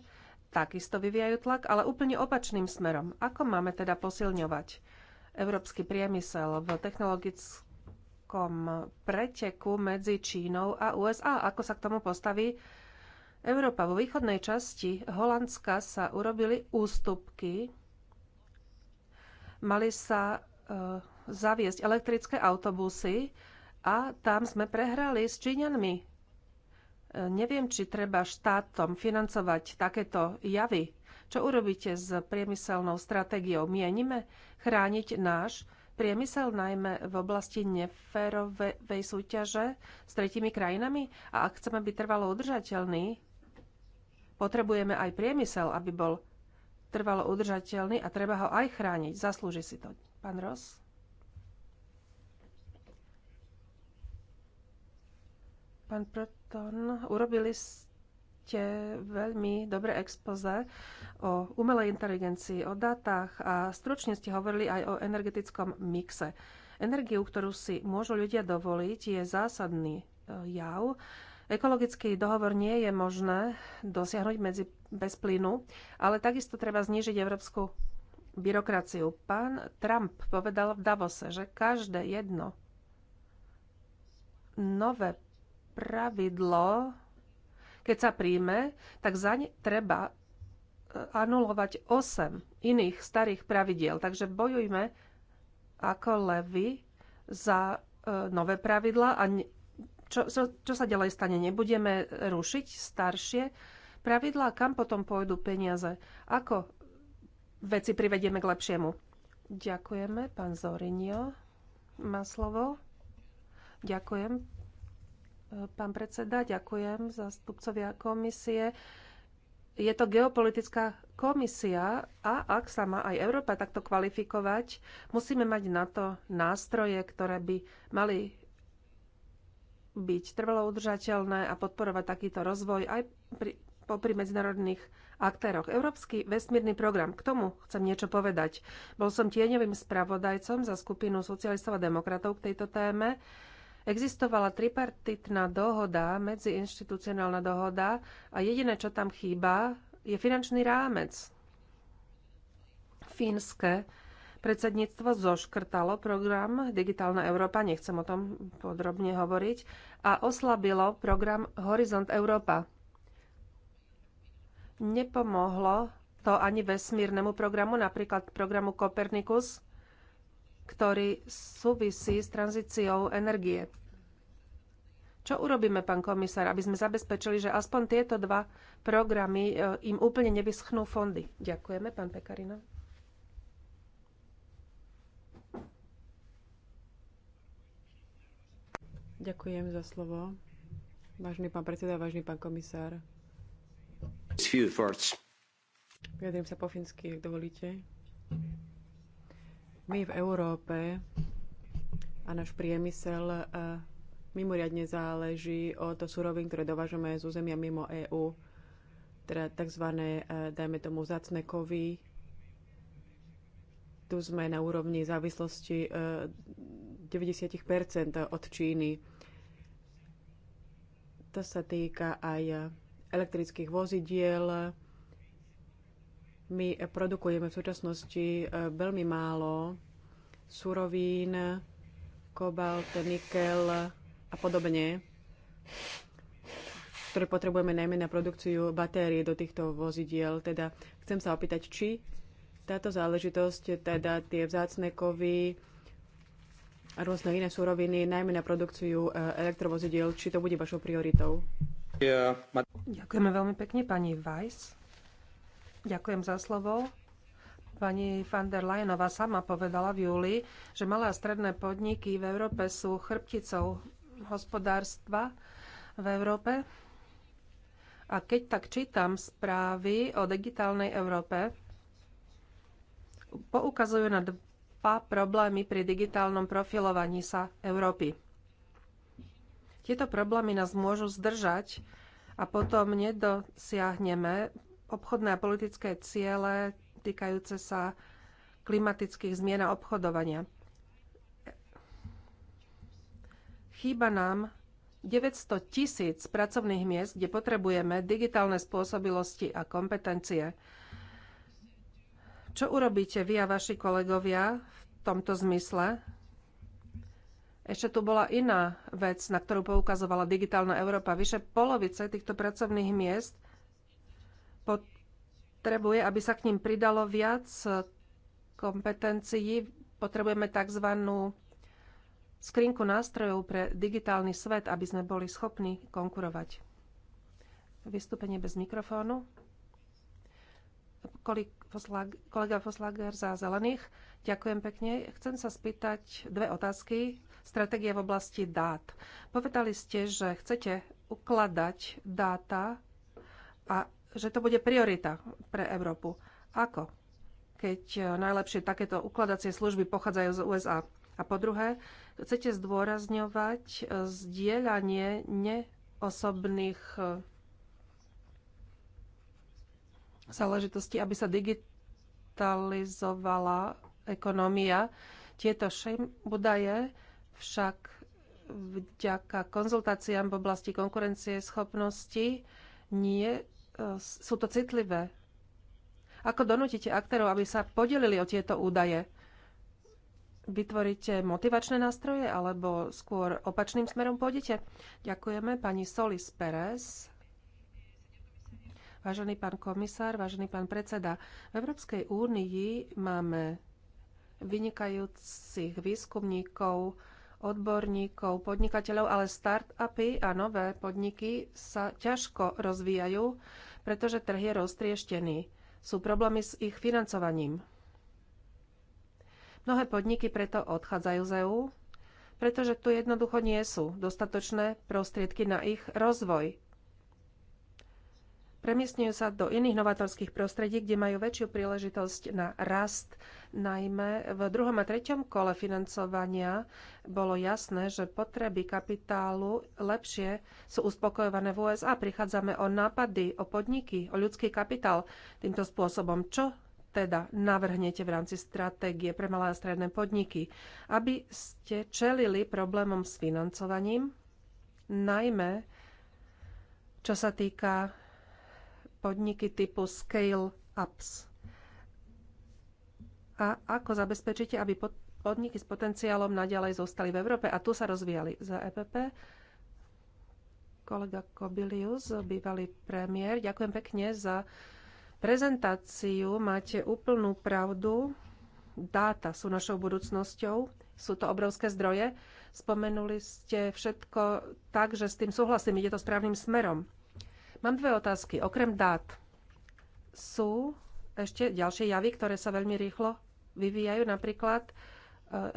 takisto vyvíjajú tlak, ale úplne opačným smerom. Ako máme teda posilňovať európsky priemysel v technologickom preteku medzi Čínou a USA? Ako sa k tomu postaví Európa? Vo východnej časti Holandska sa urobili ústupky. Mali sa eh, zaviesť elektrické autobusy a tam sme prehrali s Číňanmi. E, neviem, či treba štátom financovať takéto javy. Čo urobíte s priemyselnou stratégiou? Mienime chrániť náš priemysel najmä v oblasti neférovej súťaže s tretimi krajinami? A ak chceme byť trvalo udržateľný, potrebujeme aj priemysel, aby bol trvalo udržateľný a treba ho aj chrániť. Zaslúži si to. Pán Ross? Pán Proton, urobili ste veľmi dobré expoze o umelej inteligencii, o dátach a stručne ste hovorili aj o energetickom mixe. Energiu, ktorú si môžu ľudia dovoliť, je zásadný e, jav. Ekologický dohovor nie je možné dosiahnuť medzi, bez plynu, ale takisto treba znížiť európsku byrokraciu. Pán Trump povedal v Davose, že každé jedno nové pravidlo, keď sa príjme, tak zaň treba e, anulovať 8 iných starých pravidiel. Takže bojujme ako levy za e, nové pravidla a čo, čo, čo sa ďalej stane? Nebudeme rušiť staršie pravidlá? Kam potom pôjdu peniaze? Ako veci privedieme k lepšiemu? Ďakujeme. Pán Zorinio má slovo. Ďakujem, pán predseda. Ďakujem stupcovia komisie. Je to geopolitická komisia a ak sa má aj Európa takto kvalifikovať, musíme mať na to nástroje, ktoré by mali byť trvalo udržateľné a podporovať takýto rozvoj aj pri, popri medzinárodných aktéroch. Európsky vesmírny program, k tomu chcem niečo povedať. Bol som tieňovým spravodajcom za skupinu socialistov a demokratov k tejto téme Existovala tripartitná dohoda, medziinstitucionálna dohoda a jediné, čo tam chýba, je finančný rámec. Fínske predsedníctvo zoškrtalo program Digitálna Európa, nechcem o tom podrobne hovoriť, a oslabilo program Horizont Európa. Nepomohlo to ani vesmírnemu programu, napríklad programu Copernicus, ktorý súvisí s tranzíciou energie. Čo urobíme, pán komisár, aby sme zabezpečili, že aspoň tieto dva programy e, im úplne nevyschnú fondy? Ďakujeme, pán Pekarina. Ďakujem za slovo. Vážený pán predseda, vážený pán komisár. Vyjadrím sa po fínsky, ak dovolíte. My v Európe a náš priemysel eh, mimoriadne záleží od surovín, ktoré dovážame z územia mimo EÚ, teda tzv. Eh, dajme tomu zacné kovy. Tu sme na úrovni závislosti 90 eh, od Číny. To sa týka aj elektrických vozidiel, my produkujeme v súčasnosti e, veľmi málo surovín, kobalt, nikel a podobne, ktoré potrebujeme najmä na produkciu batérie do týchto vozidiel. Teda chcem sa opýtať, či táto záležitosť, teda tie vzácne kovy, a rôzne iné súroviny, najmä na produkciu e, elektrovozidiel, či to bude vašou prioritou? Ďakujeme veľmi pekne, pani Weiss. Ďakujem za slovo. Pani van der Leyenová sama povedala v júli, že malé a stredné podniky v Európe sú chrbticou hospodárstva v Európe. A keď tak čítam správy o digitálnej Európe, poukazujú na dva problémy pri digitálnom profilovaní sa Európy. Tieto problémy nás môžu zdržať a potom nedosiahneme obchodné a politické ciele týkajúce sa klimatických zmien a obchodovania. Chýba nám 900 tisíc pracovných miest, kde potrebujeme digitálne spôsobilosti a kompetencie. Čo urobíte vy a vaši kolegovia v tomto zmysle? Ešte tu bola iná vec, na ktorú poukazovala Digitálna Európa. Vyše polovice týchto pracovných miest – potrebuje, aby sa k ním pridalo viac kompetencií. Potrebujeme tzv. skrinku nástrojov pre digitálny svet, aby sme boli schopní konkurovať. Vystúpenie bez mikrofónu. Kolega Foslager za zelených. Ďakujem pekne. Chcem sa spýtať dve otázky. Stratégie v oblasti dát. Povedali ste, že chcete ukladať dáta a že to bude priorita pre Európu. Ako? Keď e, najlepšie takéto ukladacie služby pochádzajú z USA. A po druhé, chcete zdôrazňovať e, zdieľanie neosobných e, záležitostí, aby sa digitalizovala ekonomia. Tieto shame však vďaka konzultáciám v oblasti konkurencie schopnosti nie sú to citlivé. Ako donútite aktérov, aby sa podelili o tieto údaje? Vytvoríte motivačné nástroje alebo skôr opačným smerom pôjdete? Ďakujeme pani Solis Perez. Vážený pán komisár, vážený pán predseda, v Európskej únii máme vynikajúcich výskumníkov, odborníkov, podnikateľov, ale start-upy a nové podniky sa ťažko rozvíjajú, pretože trh je roztrieštený. Sú problémy s ich financovaním. Mnohé podniky preto odchádzajú z EÚ, pretože tu jednoducho nie sú dostatočné prostriedky na ich rozvoj premiestňujú sa do iných novatorských prostredí, kde majú väčšiu príležitosť na rast. Najmä v druhom a treťom kole financovania bolo jasné, že potreby kapitálu lepšie sú uspokojované v USA. Prichádzame o nápady, o podniky, o ľudský kapitál týmto spôsobom. Čo teda navrhnete v rámci stratégie pre malé a stredné podniky, aby ste čelili problémom s financovaním, najmä čo sa týka podniky typu scale-ups? A ako zabezpečíte, aby podniky s potenciálom naďalej zostali v Európe a tu sa rozvíjali za EPP? Kolega Kobilius, bývalý premiér, ďakujem pekne za prezentáciu. Máte úplnú pravdu. Dáta sú našou budúcnosťou. Sú to obrovské zdroje. Spomenuli ste všetko tak, že s tým súhlasím. Ide to správnym smerom. Mám dve otázky. Okrem dát, sú ešte ďalšie javy, ktoré sa veľmi rýchlo vyvíjajú, napríklad e,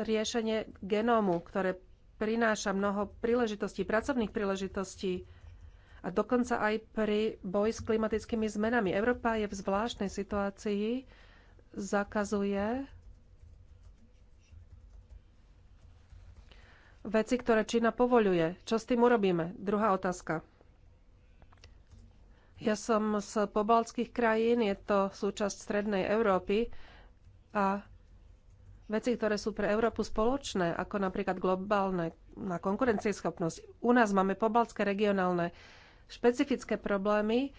riešenie genómu, ktoré prináša mnoho príležitostí, pracovných príležitostí a dokonca aj pri boji s klimatickými zmenami. Európa je v zvláštnej situácii, zakazuje veci, ktoré Čína povoľuje. Čo s tým urobíme? Druhá otázka. Ja som z pobaltských krajín, je to súčasť strednej Európy a veci, ktoré sú pre Európu spoločné, ako napríklad globálne na konkurencieschopnosť. U nás máme pobaltské regionálne špecifické problémy,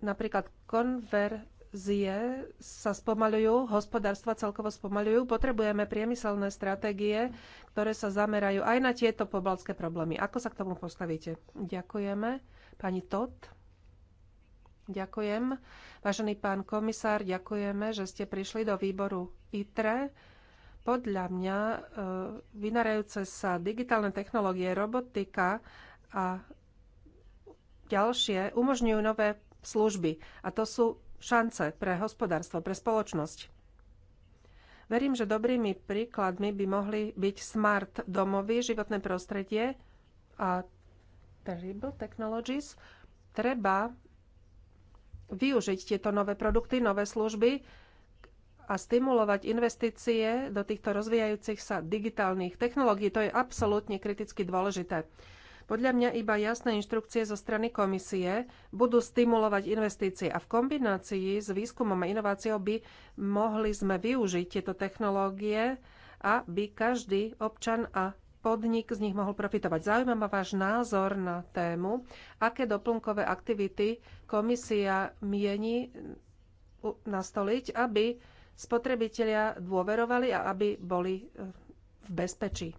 napríklad konverzie sa spomaľujú, hospodárstva celkovo spomaľujú. Potrebujeme priemyselné stratégie, ktoré sa zamerajú aj na tieto pobaltské problémy. Ako sa k tomu postavíte? Ďakujeme. Pani Todd. Ďakujem. Vážený pán komisár, ďakujeme, že ste prišli do výboru ITRE. Podľa mňa e, vynarajúce sa digitálne technológie, robotika a ďalšie umožňujú nové služby. A to sú šance pre hospodárstvo, pre spoločnosť. Verím, že dobrými príkladmi by mohli byť smart domovy, životné prostredie a Terrible Technologies. Treba využiť tieto nové produkty, nové služby a stimulovať investície do týchto rozvíjajúcich sa digitálnych technológií. To je absolútne kriticky dôležité. Podľa mňa iba jasné inštrukcie zo strany komisie budú stimulovať investície a v kombinácii s výskumom a inováciou by mohli sme využiť tieto technológie, a by každý občan a podnik z nich mohol profitovať. Zaujímavá váš názor na tému, aké doplnkové aktivity komisia mieni nastoliť, aby spotrebitelia dôverovali a aby boli eh, v bezpečí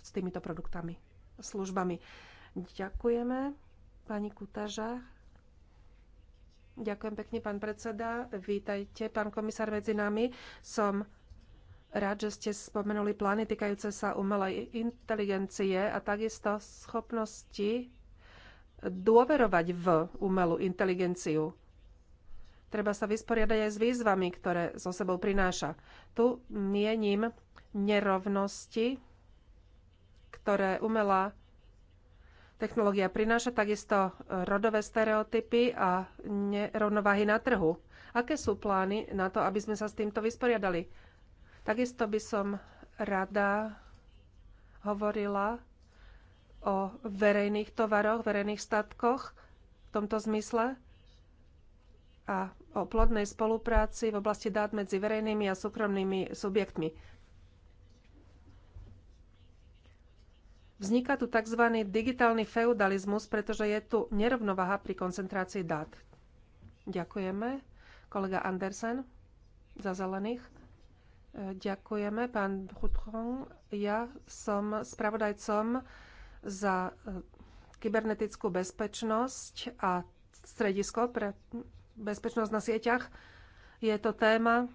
s týmito produktami, službami. Ďakujeme, pani Kutaža. Ďakujem pekne, pán predseda. Vítajte, pán komisár, medzi nami. Som rád, že ste spomenuli plány týkajúce sa umelej inteligencie a takisto schopnosti dôverovať v umelú inteligenciu. Treba sa vysporiadať aj s výzvami, ktoré so sebou prináša. Tu mienim nerovnosti, ktoré umelá technológia prináša, takisto rodové stereotypy a nerovnováhy na trhu. Aké sú plány na to, aby sme sa s týmto vysporiadali? Takisto by som rada hovorila o verejných tovaroch, verejných statkoch v tomto zmysle a o plodnej spolupráci v oblasti dát medzi verejnými a súkromnými subjektmi. Vzniká tu tzv. digitálny feudalizmus, pretože je tu nerovnováha pri koncentrácii dát. Ďakujeme. Kolega Andersen za zelených. Ďakujeme, pán Hutron. Ja som spravodajcom za eh, kybernetickú bezpečnosť a stredisko pre bezpečnosť na sieťach. Je to téma,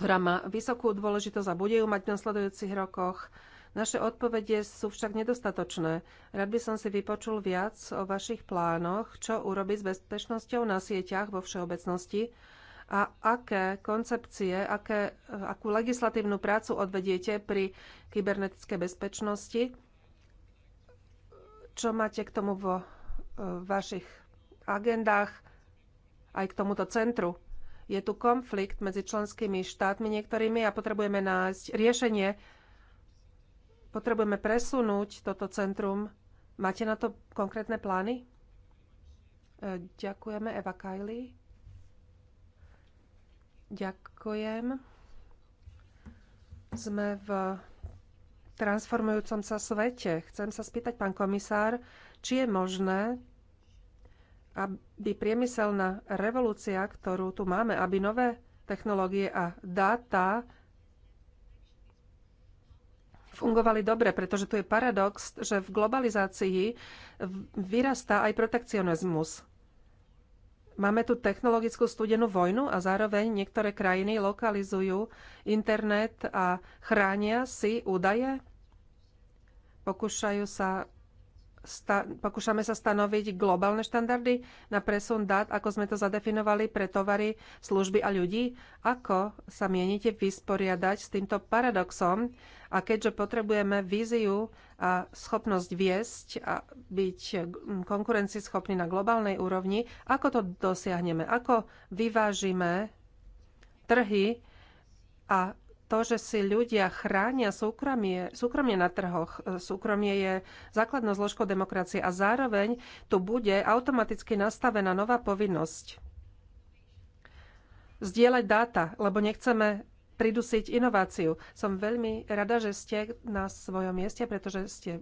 ktorá má vysokú dôležitosť a bude ju mať v nasledujúcich rokoch. Naše odpovede sú však nedostatočné. Rád by som si vypočul viac o vašich plánoch, čo urobiť s bezpečnosťou na sieťach vo všeobecnosti a aké koncepcie, aké, akú legislatívnu prácu odvediete pri kybernetickej bezpečnosti. Čo máte k tomu vo e, vašich agendách aj k tomuto centru? Je tu konflikt medzi členskými štátmi niektorými a potrebujeme nájsť riešenie. Potrebujeme presunúť toto centrum. Máte na to konkrétne plány? E, ďakujeme, Eva Kylie. Ďakujem. Sme v transformujúcom sa svete. Chcem sa spýtať, pán komisár, či je možné, aby priemyselná revolúcia, ktorú tu máme, aby nové technológie a dáta fungovali dobre, pretože tu je paradox, že v globalizácii vyrastá aj protekcionizmus. Máme tu technologickú studenú vojnu a zároveň niektoré krajiny lokalizujú internet a chránia si údaje. Pokúšajú sa sta- pokúšame sa stanoviť globálne štandardy na presun dát, ako sme to zadefinovali pre tovary, služby a ľudí. Ako sa mienite vysporiadať s týmto paradoxom? A keďže potrebujeme víziu a schopnosť viesť a byť konkurencieschopní na globálnej úrovni, ako to dosiahneme? Ako vyvážime trhy a to, že si ľudia chránia súkromie, súkromie na trhoch. E, súkromie je základnou zložkou demokracie a zároveň tu bude automaticky nastavená nová povinnosť zdieľať dáta, lebo nechceme pridusiť inováciu. Som veľmi rada, že ste na svojom mieste, pretože ste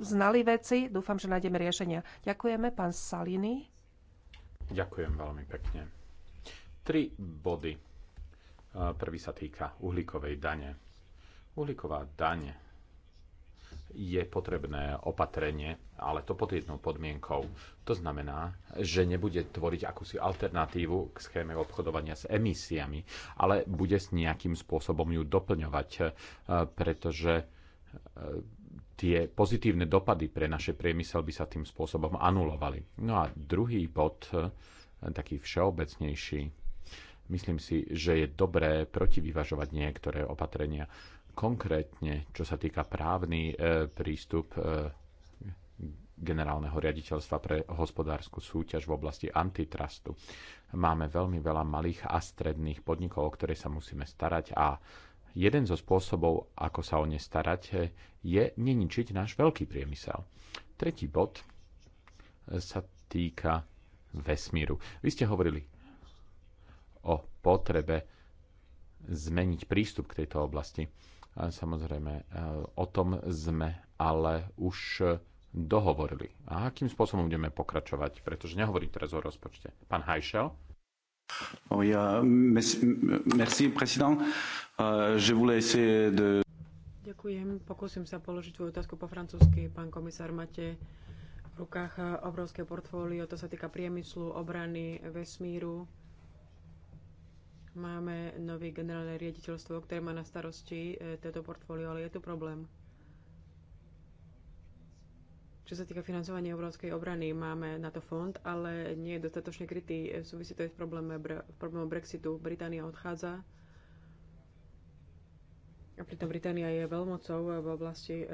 znali veci. Dúfam, že nájdeme riešenia. Ďakujeme, pán Salini. Ďakujem veľmi pekne. Tri body Prvý sa týka uhlíkovej dane. Uhlíková daň je potrebné opatrenie, ale to pod jednou podmienkou. To znamená, že nebude tvoriť akúsi alternatívu k schéme obchodovania s emisiami, ale bude s nejakým spôsobom ju doplňovať, e, pretože e, tie pozitívne dopady pre naše priemysel by sa tým spôsobom anulovali. No a druhý bod, e, taký všeobecnejší, Myslím si, že je dobré protivyvažovať niektoré opatrenia. Konkrétne, čo sa týka právny e, prístup e, generálneho riaditeľstva pre hospodárskú súťaž v oblasti antitrustu. Máme veľmi veľa malých a stredných podnikov, o ktoré sa musíme starať a jeden zo spôsobov, ako sa o ne starať, je neničiť náš veľký priemysel. Tretí bod sa týka vesmíru. Vy ste hovorili o potrebe zmeniť prístup k tejto oblasti. A samozrejme, e, o tom sme ale už dohovorili. A akým spôsobom budeme pokračovať? Pretože nehovorím teraz o rozpočte. Pán Hajšel? Oui, uh, merci, président. Uh, je voulais essayer de... Ďakujem. Pokúsim sa položiť tvoju otázku po francúzsky. Pán komisár, máte v rukách obrovské portfólio. To sa týka priemyslu, obrany, vesmíru Máme nové generálne riaditeľstvo, ktoré má na starosti e, toto portfólio, ale je tu problém. Čo sa týka financovania obrovskej obrany, máme na to fond, ale nie je dostatočne krytý. E, súvisí to aj s problémom, problémom Brexitu. Británia odchádza a pritom Británia je veľmocou v oblasti e,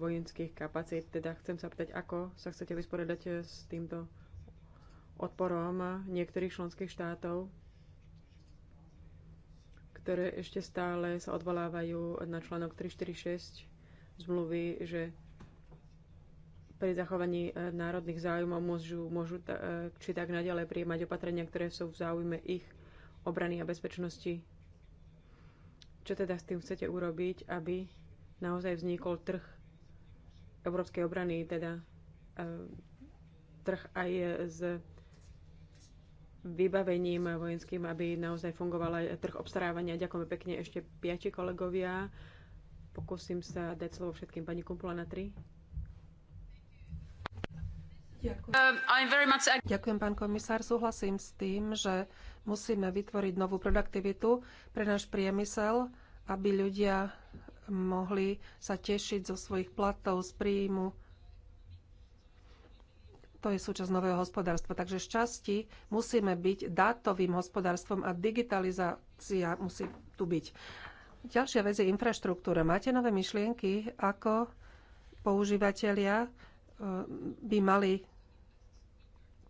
vojenských kapacít. Teda chcem sa pýtať, ako sa chcete vysporiadať s týmto odporom niektorých členských štátov ktoré ešte stále sa odvolávajú na článok 346 zmluvy, že pri zachovaní e, národných záujmov môžu, môžu e, či tak naďalej prijímať opatrenia, ktoré sú v záujme ich obrany a bezpečnosti. Čo teda s tým chcete urobiť, aby naozaj vznikol trh európskej obrany, teda e, trh aj s vybavením vojenským, aby naozaj fungoval aj trh obstarávania. Ďakujem pekne ešte piati kolegovia. Pokúsim sa dať slovo všetkým. Pani Kumpula na tri. Ďakujem. Um, Ďakujem, pán komisár. Súhlasím s tým, že musíme vytvoriť novú produktivitu pre náš priemysel, aby ľudia mohli sa tešiť zo svojich platov, z príjmu, to je súčasť nového hospodárstva. Takže šťastí musíme byť dátovým hospodárstvom a digitalizácia musí tu byť. Ďalšia vec je infraštruktúra. Máte nové myšlienky, ako používateľia e, by mali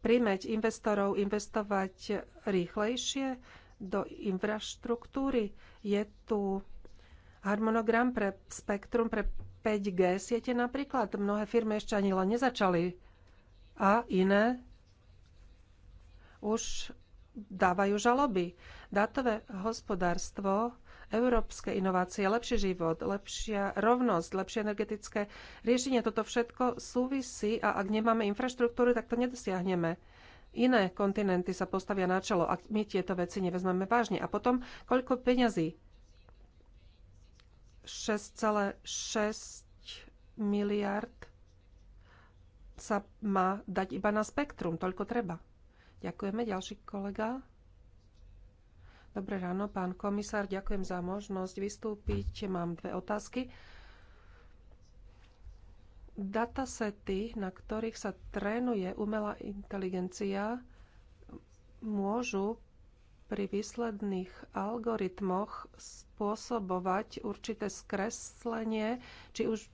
príjmeť investorov investovať rýchlejšie do infraštruktúry? Je tu harmonogram pre spektrum pre 5G siete napríklad. Mnohé firmy ešte ani len nezačali a iné už dávajú žaloby. Dátové hospodárstvo, európske inovácie, lepší život, lepšia rovnosť, lepšie energetické riešenie, toto všetko súvisí a ak nemáme infraštruktúru, tak to nedosiahneme. Iné kontinenty sa postavia na čelo, ak my tieto veci nevezmeme vážne. A potom, koľko peňazí? 6,6 miliard sa má dať iba na spektrum, toľko treba. Ďakujeme, ďalší kolega. Dobré ráno, pán komisár, ďakujem za možnosť vystúpiť. Mám dve otázky. Datasety, na ktorých sa trénuje umelá inteligencia, môžu pri výsledných algoritmoch spôsobovať určité skreslenie, či už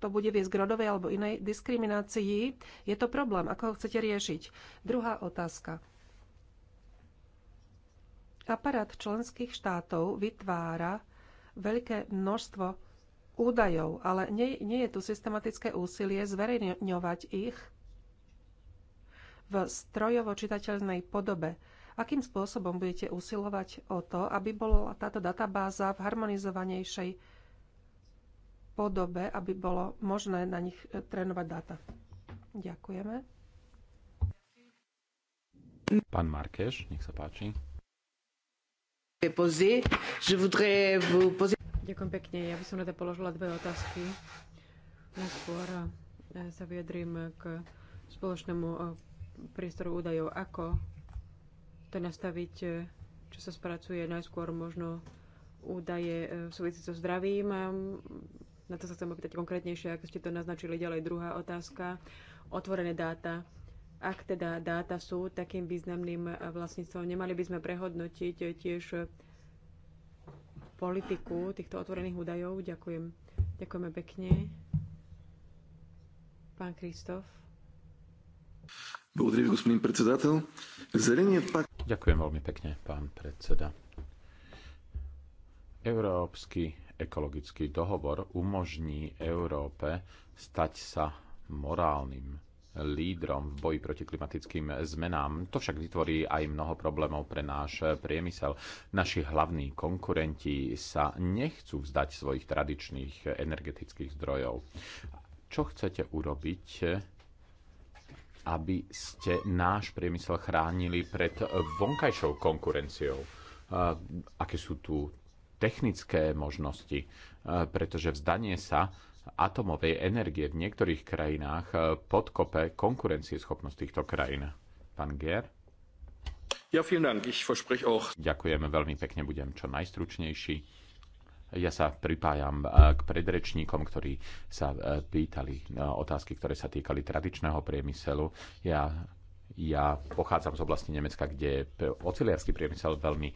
to bude viesť k rodovej alebo inej diskriminácii, je to problém. Ako ho chcete riešiť? Druhá otázka. Aparát členských štátov vytvára veľké množstvo údajov, ale nie, nie je tu systematické úsilie zverejňovať ich v strojovočitateľnej podobe. Akým spôsobom budete usilovať o to, aby bola táto databáza v harmonizovanejšej podobe, aby bolo možné na nich e, trénovať dáta. Ďakujeme. Pán Markeš, nech sa páči. Ďakujem pekne. Ja by som rada položila dve otázky. Najskôr e, sa vyjadrím k spoločnému e, priestoru údajov. Ako to nastaviť, čo sa spracuje najskôr možno údaje v súvisí so zdravím, na to sa chcem opýtať konkrétnejšie, ako ste to naznačili ďalej. Druhá otázka, otvorené dáta. Ak teda dáta sú takým významným eh, vlastníctvom, nemali by sme prehodnotiť eh, tiež eh, politiku týchto otvorených údajov. Ďakujem. Ďakujeme pekne. Pán Kristof. Dobrý gospodín господин председател. pak... Ďakujem veľmi pekne, pán predseda. Európsky Ekologický dohovor umožní Európe stať sa morálnym lídrom v boji proti klimatickým zmenám. To však vytvorí aj mnoho problémov pre náš priemysel. Naši hlavní konkurenti sa nechcú vzdať svojich tradičných energetických zdrojov. Čo chcete urobiť, aby ste náš priemysel chránili pred vonkajšou konkurenciou? Aké sú tu technické možnosti, e, pretože vzdanie sa atomovej energie v niektorých krajinách e, podkope konkurencieschopnosť týchto krajín. Pán Gier? Ja, vielen Dank. Ich auch. Ďakujem veľmi pekne, budem čo najstručnejší. Ja sa pripájam e, k predrečníkom, ktorí sa pýtali otázky, ktoré sa týkali tradičného priemyselu. Ja ja pochádzam z oblasti Nemecka, kde je oceliarský priemysel veľmi e,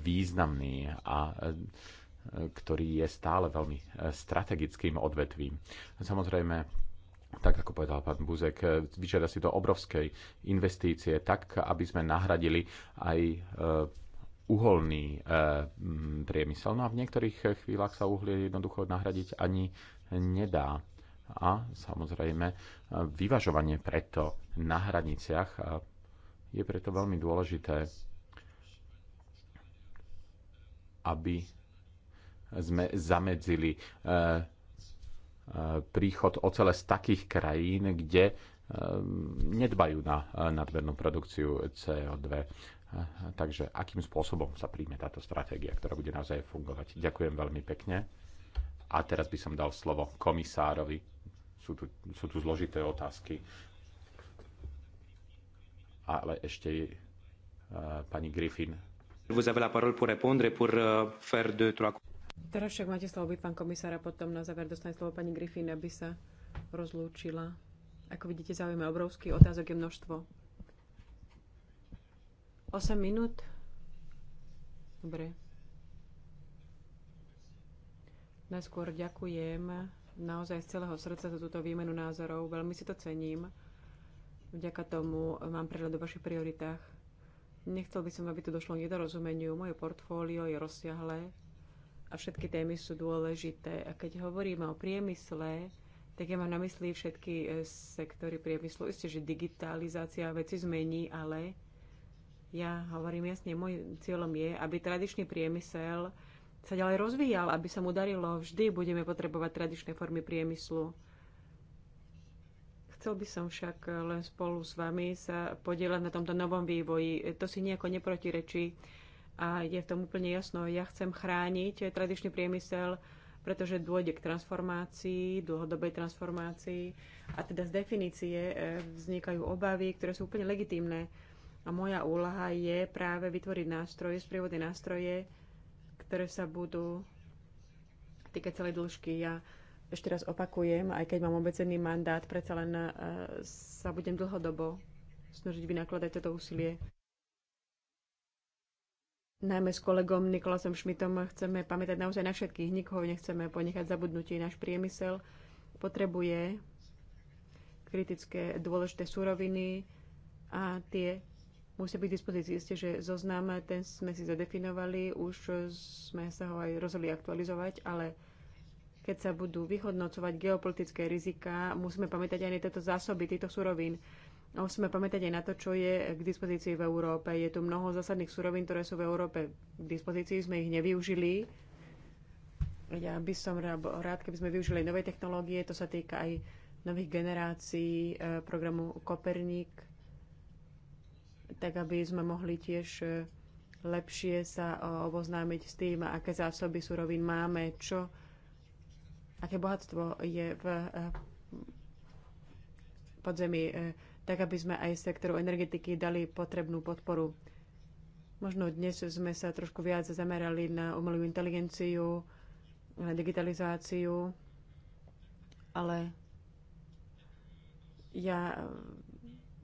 významný a e, ktorý je stále veľmi e, strategickým odvetvím. Samozrejme, tak ako povedal pán Buzek, vyžiada si to obrovskej investície, tak aby sme nahradili aj uholný priemysel. No a v niektorých chvíľach sa uhlie jednoducho nahradiť ani nedá a samozrejme vyvažovanie preto na hraniciach je preto veľmi dôležité, aby sme zamedzili e, e, príchod ocele z takých krajín, kde e, nedbajú na nadmernú produkciu CO2. Takže akým spôsobom sa príjme táto stratégia, ktorá bude naozaj fungovať? Ďakujem veľmi pekne. A teraz by som dal slovo komisárovi sú tu, sú tu zložité otázky. Ale ešte uh, pani Griffin. Vous avez la parole pour répondre pour euh, faire deux, trois... Teraz však máte slovo byť, pán komisár, a potom na záver dostane slovo pani Griffin, aby sa rozlúčila. Ako vidíte, zaujíma obrovský otázok je množstvo. 8 minút. Dobre. Najskôr ďakujem naozaj z celého srdca za túto výmenu názorov. Veľmi si to cením. Vďaka tomu mám prehľad o vašich prioritách. Nechcel by som, aby to došlo k nedorozumeniu. Moje portfólio je rozsiahle a všetky témy sú dôležité. A keď hovoríme o priemysle, tak ja mám na mysli všetky e, sektory priemyslu. Isté, že digitalizácia veci zmení, ale ja hovorím jasne, môj cieľom je, aby tradičný priemysel sa ďalej rozvíjal, aby sa mu darilo. Vždy budeme potrebovať tradičné formy priemyslu. Chcel by som však len spolu s vami sa podielať na tomto novom vývoji. To si nejako neprotirečí a je v tom úplne jasno. Ja chcem chrániť tradičný priemysel, pretože dôjde k transformácii, dlhodobej transformácii a teda z definície e, vznikajú obavy, ktoré sú úplne legitímne. A moja úlaha je práve vytvoriť nástroje, sprievodné nástroje, ktoré sa budú týkať celej dĺžky. Ja ešte raz opakujem, aj keď mám obecený mandát, predsa len e, sa budem dlhodobo snažiť vynakladať toto úsilie. Najmä s kolegom Nikolasom Šmitom chceme pamätať naozaj na všetkých. Nikoho nechceme ponechať zabudnutie. Náš priemysel potrebuje kritické dôležité suroviny a tie musí byť v dispozícii. Isté, že zoznam ten sme si zadefinovali, už sme sa ho aj rozhodli aktualizovať, ale keď sa budú vyhodnocovať geopolitické rizika, musíme pamätať aj na tieto zásoby, týchto surovín. musíme pamätať aj na to, čo je k dispozícii v Európe. Je tu mnoho zásadných surovín, ktoré sú v Európe k dispozícii, sme ich nevyužili. Ja by som rád, keby sme využili nové technológie, to sa týka aj nových generácií eh, programu Koperník, tak aby sme mohli tiež e, lepšie sa e, oboznámiť s tým, aké zásoby surovín máme, čo, aké bohatstvo je v e, podzemí, tak aby sme aj sektoru energetiky dali potrebnú podporu. Možno dnes sme sa trošku viac zamerali na umelú inteligenciu, na digitalizáciu, ale ja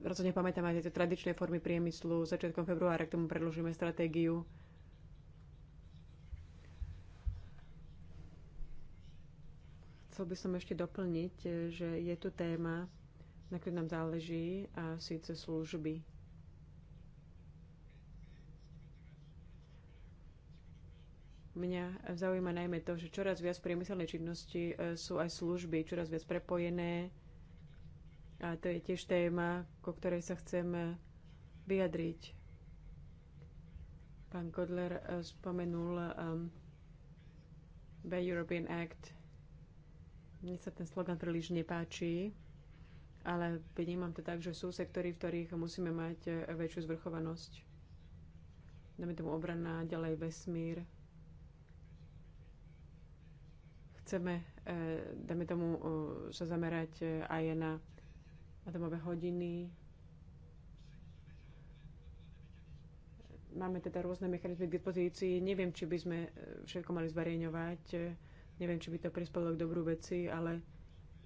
rozhodne pamätám aj tieto tradičné formy priemyslu. Začiatkom februára k tomu predložíme stratégiu. Chcel by som ešte doplniť, že je tu téma, na ktorej nám záleží, a síce služby. Mňa zaujíma najmä to, že čoraz viac priemyselnej činnosti e, sú aj služby, čoraz viac prepojené a to je tiež téma, ko ktorej sa chcem vyjadriť. Pán Kodler eh, spomenul um, ehm, The European Act. Mne sa ten slogan príliš nepáči, ale vnímam to tak, že sú sektory, v ktorých musíme mať eh, väčšiu zvrchovanosť. Dáme tomu obrana, ďalej vesmír, chceme, eh, dáme tomu, sa zamerať aj na atomové hodiny. Máme teda rôzne mechanizmy k dispozícii. Neviem, či by sme e, všetko mali zverejňovať. E, neviem, či by to prispelo k dobrú veci, ale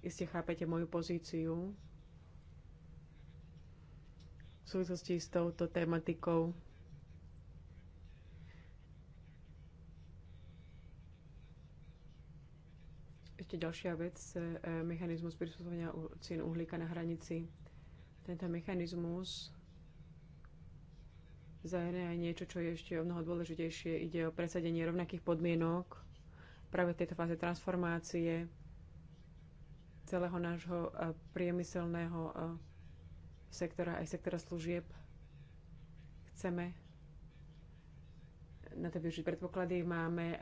iste chápete moju pozíciu v súvislosti s touto tematikou. Ešte ďalšia vec, e, e, mechanizmus prisúdenia cien uhlíka na hranici. Tento mechanizmus zahrňa aj niečo, čo je ešte o mnoho dôležitejšie. Ide o presadenie rovnakých podmienok práve v tejto fáze transformácie celého nášho e, priemyselného sektora aj sektora služieb. Chceme na to využiť predpoklady, máme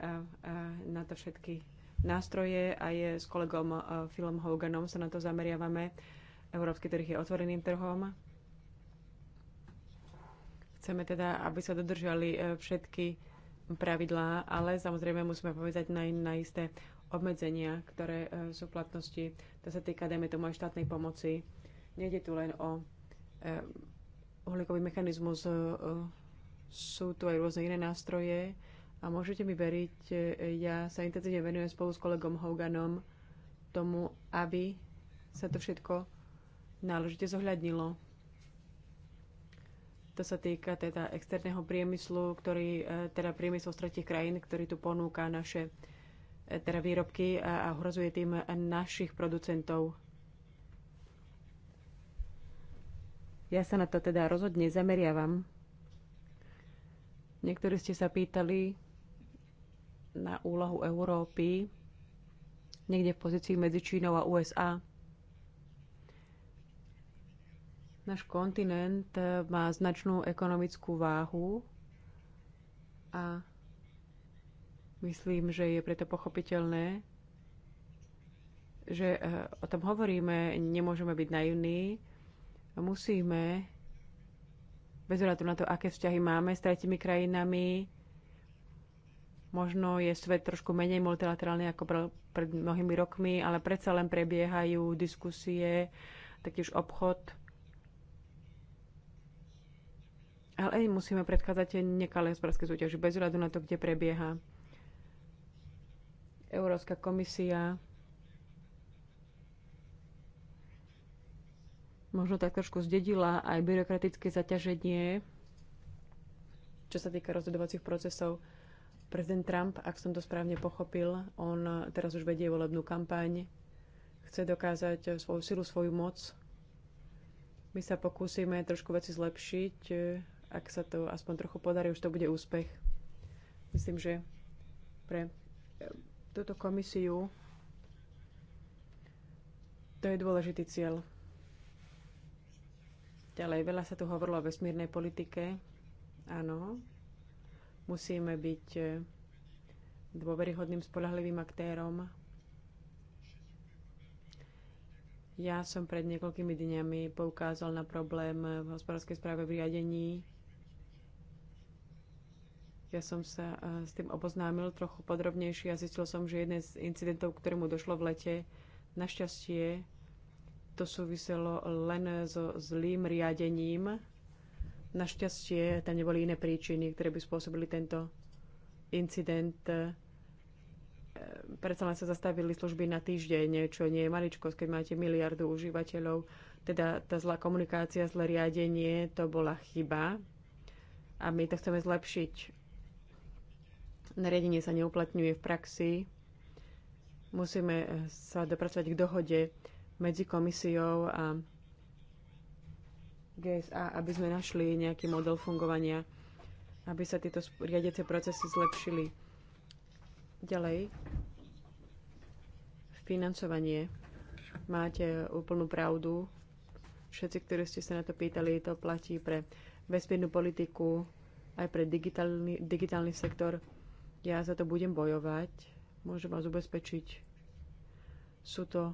na to všetky nástroje a je s kolegom eh, Philom Hoganom sa na to zameriavame. Európsky trh je otvoreným trhom. Chceme teda, aby sa dodržali eh, všetky pravidlá, ale samozrejme musíme povedať na, na isté obmedzenia, ktoré eh, sú v platnosti. To sa týka, dajme tomu, aj štátnej pomoci. Nejde tu len o uhlíkový mechanizmus, sú tu aj rôzne iné nástroje, a môžete mi veriť, e, ja sa intenzívne venujem spolu s kolegom Hoganom tomu, aby sa to všetko náležite zohľadnilo. To sa týka teda externého priemyslu, ktorý, e, teda priemysel z tretich krajín, ktorý tu ponúka naše e, teda výrobky a, a ohrozuje tým našich producentov. Ja sa na to teda rozhodne zameriavam. Niektorí ste sa pýtali, na úlohu Európy niekde v pozícii medzi Čínou a USA. Náš kontinent má značnú ekonomickú váhu a myslím, že je preto pochopiteľné, že eh, o tom hovoríme, nemôžeme byť naivní, musíme bez hľadu na to, aké vzťahy máme s tretimi krajinami, Možno je svet trošku menej multilaterálny ako pred mnohými rokmi, ale predsa len prebiehajú diskusie, taktiež obchod. Ale aj musíme predchádzať nekalé hospodárske súťaži bez hľadu na to, kde prebieha. Európska komisia možno tak trošku zdedila aj byrokratické zaťaženie, čo sa týka rozhodovacích procesov. Prezident Trump, ak som to správne pochopil, on teraz už vedie volebnú kampaň, chce dokázať svoju silu, svoju moc. My sa pokúsime trošku veci zlepšiť, ak sa to aspoň trochu podarí, už to bude úspech. Myslím, že pre eh, túto komisiu to je dôležitý cieľ. Ďalej, veľa sa tu hovorilo o vesmírnej politike. Áno, Musíme byť e, dôveryhodným, spolahlivým aktérom. Ja som pred niekoľkými dňami poukázal na problém v hospodárskej správe v riadení. Ja som sa e, s tým oboznámil trochu podrobnejšie a zistil som, že jeden z incidentov, ktorému došlo v lete, našťastie to súviselo len so zlým riadením Našťastie tam neboli iné príčiny, ktoré by spôsobili tento incident. E, predsa len sa zastavili služby na týždeň, čo nie je maličkosť, keď máte miliardu užívateľov. Teda tá zlá komunikácia, zlé riadenie, to bola chyba. A my to chceme zlepšiť. Nariadenie sa neuplatňuje v praxi. Musíme sa dopracovať k dohode medzi komisiou a GSA, aby sme našli nejaký model fungovania, aby sa tieto riadiace procesy zlepšili. Ďalej, financovanie. Máte úplnú pravdu. Všetci, ktorí ste sa na to pýtali, to platí pre vesmírnu politiku, aj pre digitálny, digitálny sektor. Ja za to budem bojovať. Môžem vás ubezpečiť. Sú to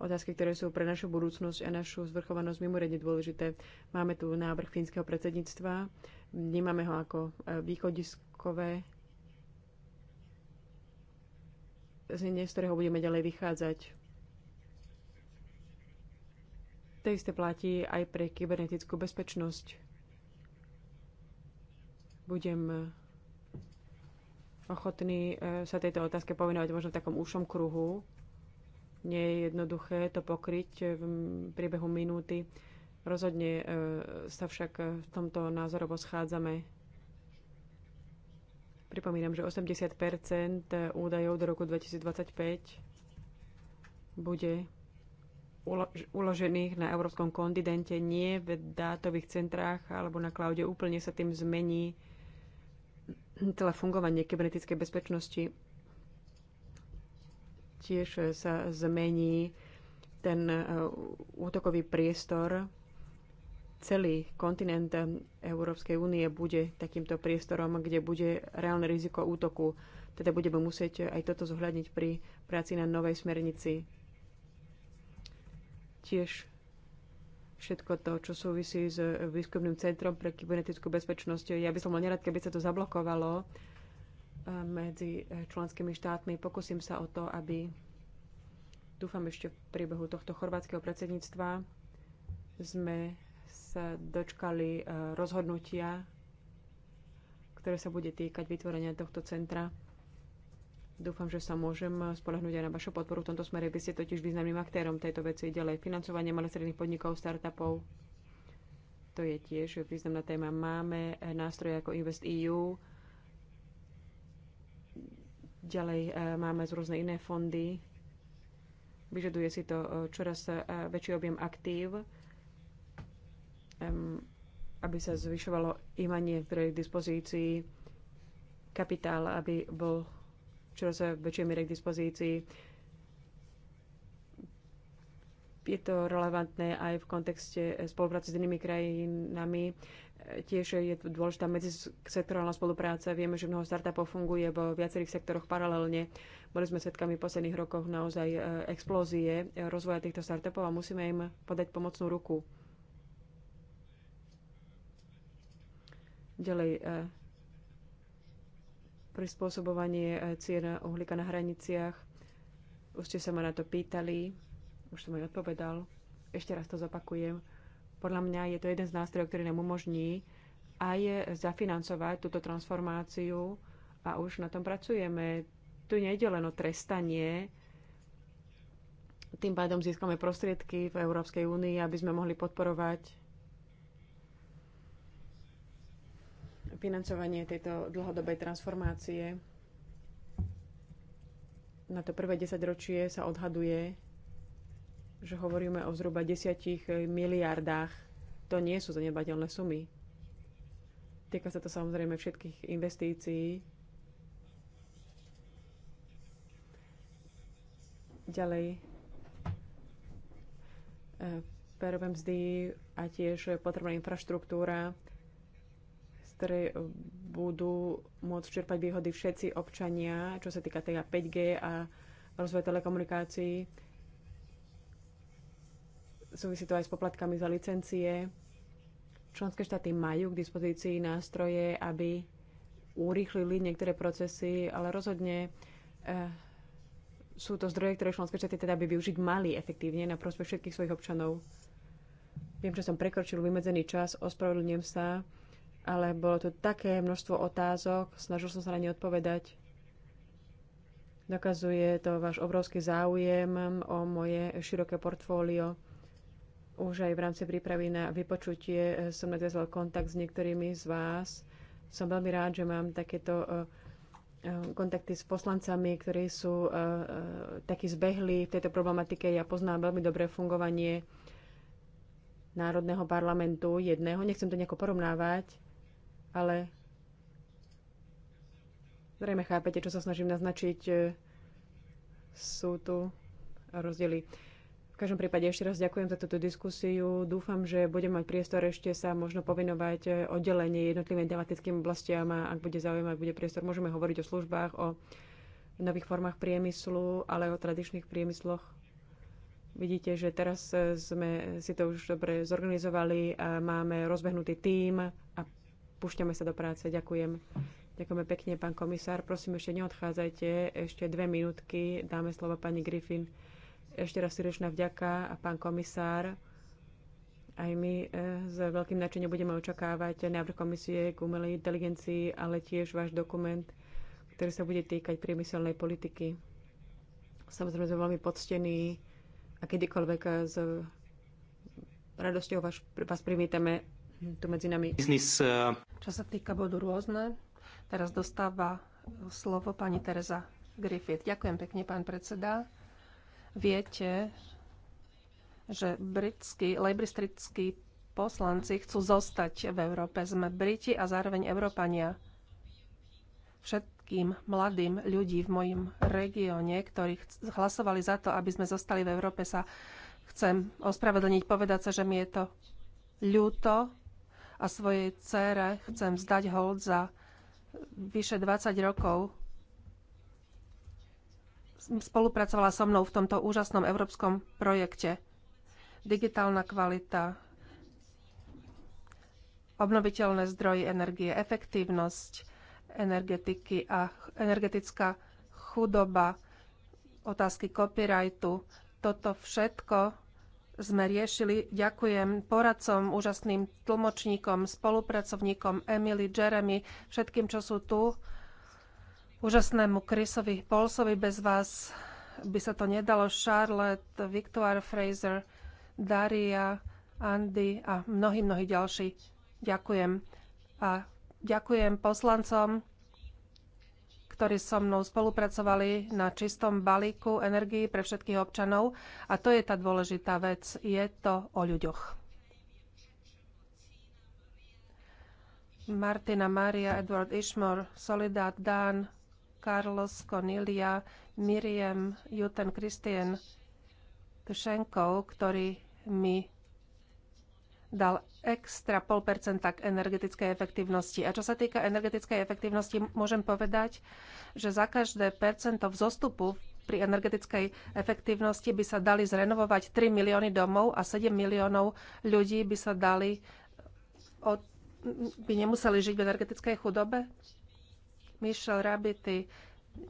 otázky, ktoré sú pre našu budúcnosť a našu zvrchovanosť mimoriadne dôležité. Máme tu návrh fínskeho predsedníctva, vnímame ho ako e, východiskové znenie, z ktorého budeme ďalej vychádzať. To isté platí aj pre kybernetickú bezpečnosť. Budem ochotný e, sa tejto otázke povinovať možno v takom úšom kruhu, nie je jednoduché to pokryť v priebehu minúty. Rozhodne e, sa však v tomto názorovo schádzame. Pripomínam, že 80 údajov do roku 2025 bude uložených na európskom kontinente, nie v dátových centrách alebo na cloude. Úplne sa tým zmení celé fungovanie kybernetickej bezpečnosti tiež sa zmení ten e, útokový priestor. Celý kontinent Európskej únie bude takýmto priestorom, kde bude reálne riziko útoku. Teda budeme musieť aj toto zohľadniť pri práci na novej smernici. Tiež všetko to, čo súvisí s výskumným centrom pre kybernetickú bezpečnosť. Ja by som bol nerad, keby sa to zablokovalo, medzi e, členskými štátmi. Pokúsim sa o to, aby dúfam ešte v priebehu tohto chorvátskeho predsedníctva sme sa dočkali e, rozhodnutia, ktoré sa bude týkať vytvorenia tohto centra. Dúfam, že sa môžem spolehnúť aj na vašu podporu v tomto smere. Vy ste totiž významným aktérom tejto veci ďalej. Financovanie malých stredných podnikov, startupov, to je tiež významná téma. Máme nástroje ako Invest EU, Ďalej e, máme z rôzne iné fondy. Vyžaduje si to e, čoraz e, väčší objem aktív, aby sa zvyšovalo imanie, ktoré je k dispozícii, kapitál, aby bol čoraz väčšej miere k dispozícii. Je to relevantné aj v kontexte spolupráce s inými krajinami, Tiež je dôležitá medzisektorálna spolupráca. Vieme, že mnoho startupov funguje vo viacerých sektoroch paralelne. Boli sme svedkami v posledných rokoch naozaj e, explózie e, rozvoja týchto startupov a musíme im podať pomocnú ruku. Ďalej, e, prispôsobovanie cien uhlíka na hraniciach. Už ste sa ma na to pýtali, už som aj odpovedal. Ešte raz to zopakujem podľa mňa je to jeden z nástrojov, ktorý nám umožní aj zafinancovať túto transformáciu a už na tom pracujeme. Tu nejde len o trestanie, tým pádom získame prostriedky v Európskej únii, aby sme mohli podporovať financovanie tejto dlhodobej transformácie. Na to prvé desaťročie sa odhaduje, že hovoríme o zhruba 10 eh, miliardách. To nie sú zanedbateľné sumy. Týka sa to samozrejme všetkých investícií. Ďalej. Eh, perové mzdy a tiež potrebná infraštruktúra, z ktorej eh, budú môcť čerpať výhody všetci občania, čo sa týka teda 5G a rozvoja telekomunikácií Súvisí to aj s poplatkami za licencie. Členské štáty majú k dispozícii nástroje, aby urýchlili niektoré procesy, ale rozhodne eh, sú to zdroje, ktoré členské štáty teda by využiť mali efektívne na prospech všetkých svojich občanov. Viem, že som prekročil vymedzený čas, ospravedlňujem sa, ale bolo tu také množstvo otázok, snažil som sa na ne odpovedať. Dokazuje to váš obrovský záujem o moje široké portfólio. Už aj v rámci prípravy na vypočutie eh, som nadviazal kontakt s niektorými z vás. Som veľmi rád, že mám takéto eh, eh, kontakty s poslancami, ktorí sú takí zbehli v tejto problematike. Ja poznám veľmi dobré fungovanie Národného parlamentu jedného. Nechcem to nejako porovnávať, ale zrejme chápete, čo sa snažím naznačiť. Sú tu rozdiely každom prípade ešte raz ďakujem za túto diskusiu. Dúfam, že budem mať priestor ešte sa možno povinovať eh, oddelenie jednotlivým tematickým oblastiam a ak bude zaujímať, bude priestor. Môžeme hovoriť o službách, o nových formách priemyslu, ale aj o tradičných priemysloch. Vidíte, že teraz eh, sme si to už dobre zorganizovali, a máme rozbehnutý tím a púšťame sa do práce. Ďakujem. Ďakujeme pekne, pán komisár. Prosím, ešte neodchádzajte. Ešte dve minútky. Dáme slovo pani Griffin. Ešte raz srdečná vďaka a pán komisár. Aj my eh, s veľkým nadšením budeme očakávať návrh komisie k umelej inteligencii, ale tiež váš dokument, ktorý sa bude týkať priemyselnej politiky. Samozrejme, sme veľmi poctení a kedykoľvek eh, s radosťou vás, vás privítame tu medzi nami. Business, eh. Čo sa týka bodu rôzne, teraz dostáva slovo pani Teresa Griffith. Ďakujem pekne, pán predseda. Viete, že britskí, lejbristrickí poslanci chcú zostať v Európe. Sme Briti a zároveň Európania. Všetkým mladým ľudí v mojom regióne, ktorí hlasovali za to, aby sme zostali v Európe, sa chcem ospravedlniť, povedať sa, že mi je to ľúto a svojej cére chcem vzdať hold za vyše 20 rokov spolupracovala so mnou v tomto úžasnom európskom projekte. Digitálna kvalita, obnoviteľné zdroje energie, efektívnosť energetiky a energetická chudoba, otázky copyrightu. Toto všetko sme riešili. Ďakujem poradcom, úžasným tlmočníkom, spolupracovníkom Emily, Jeremy, všetkým, čo sú tu úžasnému Chrisovi Polsovi. Bez vás by sa to nedalo. Charlotte, Victoire Fraser, Daria, Andy a mnohí, mnohí ďalší. Ďakujem. A ďakujem poslancom, ktorí so mnou spolupracovali na čistom balíku energii pre všetkých občanov. A to je tá dôležitá vec. Je to o ľuďoch. Martina, Maria, Edward Ishmore, Solidat, Dan, Carlos Cornelia, Miriam Juten Kristien, Tšenkov, ktorý mi dal extra pol percenta k energetickej efektívnosti. A čo sa týka energetickej efektívnosti, môžem povedať, že za každé percento vzostupu pri energetickej efektívnosti by sa dali zrenovovať 3 milióny domov a 7 miliónov ľudí by sa dali od, by nemuseli žiť v energetickej chudobe. Michel Rabity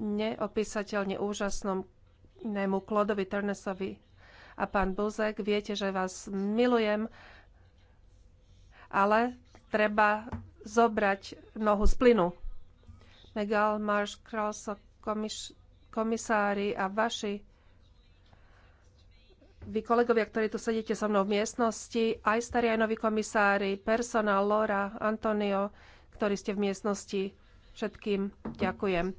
neopísateľne úžasnému Klodovi Trnesovi. A pán Buzek, viete, že vás milujem, ale treba zobrať nohu z plynu. Megal, Marsh, Kralso, komis- komisári a vaši vy kolegovia, ktorí tu sedíte so mnou v miestnosti, aj starí, aj noví komisári, personál, Lora, Antonio, ktorí ste v miestnosti, Všetkým ďakujem.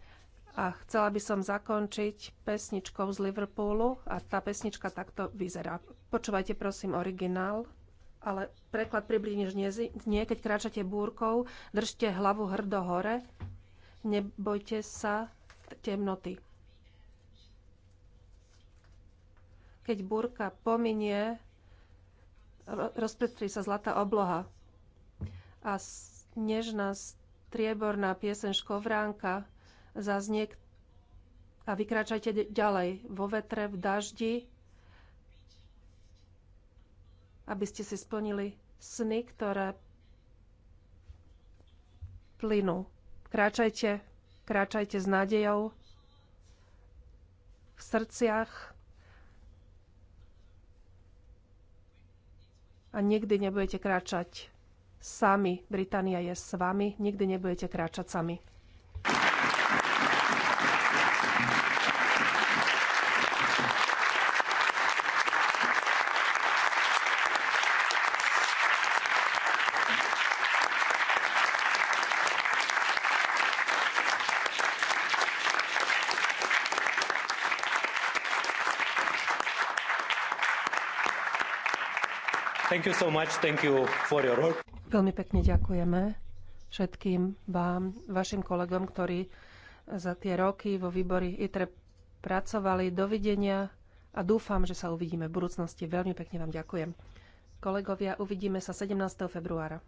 A chcela by som zakončiť pesničkou z Liverpoolu a tá pesnička takto vyzerá. Počúvajte prosím originál, ale preklad približne nie, keď kráčate búrkou, držte hlavu hrdo hore, nebojte sa temnoty. Keď búrka pominie, rozprestrie sa zlatá obloha a nežná strieborná pieseň Škovránka zaznie a vykračajte ďalej vo vetre, v daždi, aby ste si splnili sny, ktoré plynú. Kráčajte, kráčajte s nádejou v srdciach a nikdy nebudete kráčať sami. Británia je s vami. Nikdy nebudete kráčať sami. Thank you so much. Thank you for your work. Veľmi pekne ďakujeme všetkým vám, vašim kolegom, ktorí za tie roky vo výbori ITRE pracovali. Dovidenia a dúfam, že sa uvidíme v budúcnosti. Veľmi pekne vám ďakujem. Kolegovia, uvidíme sa 17. februára.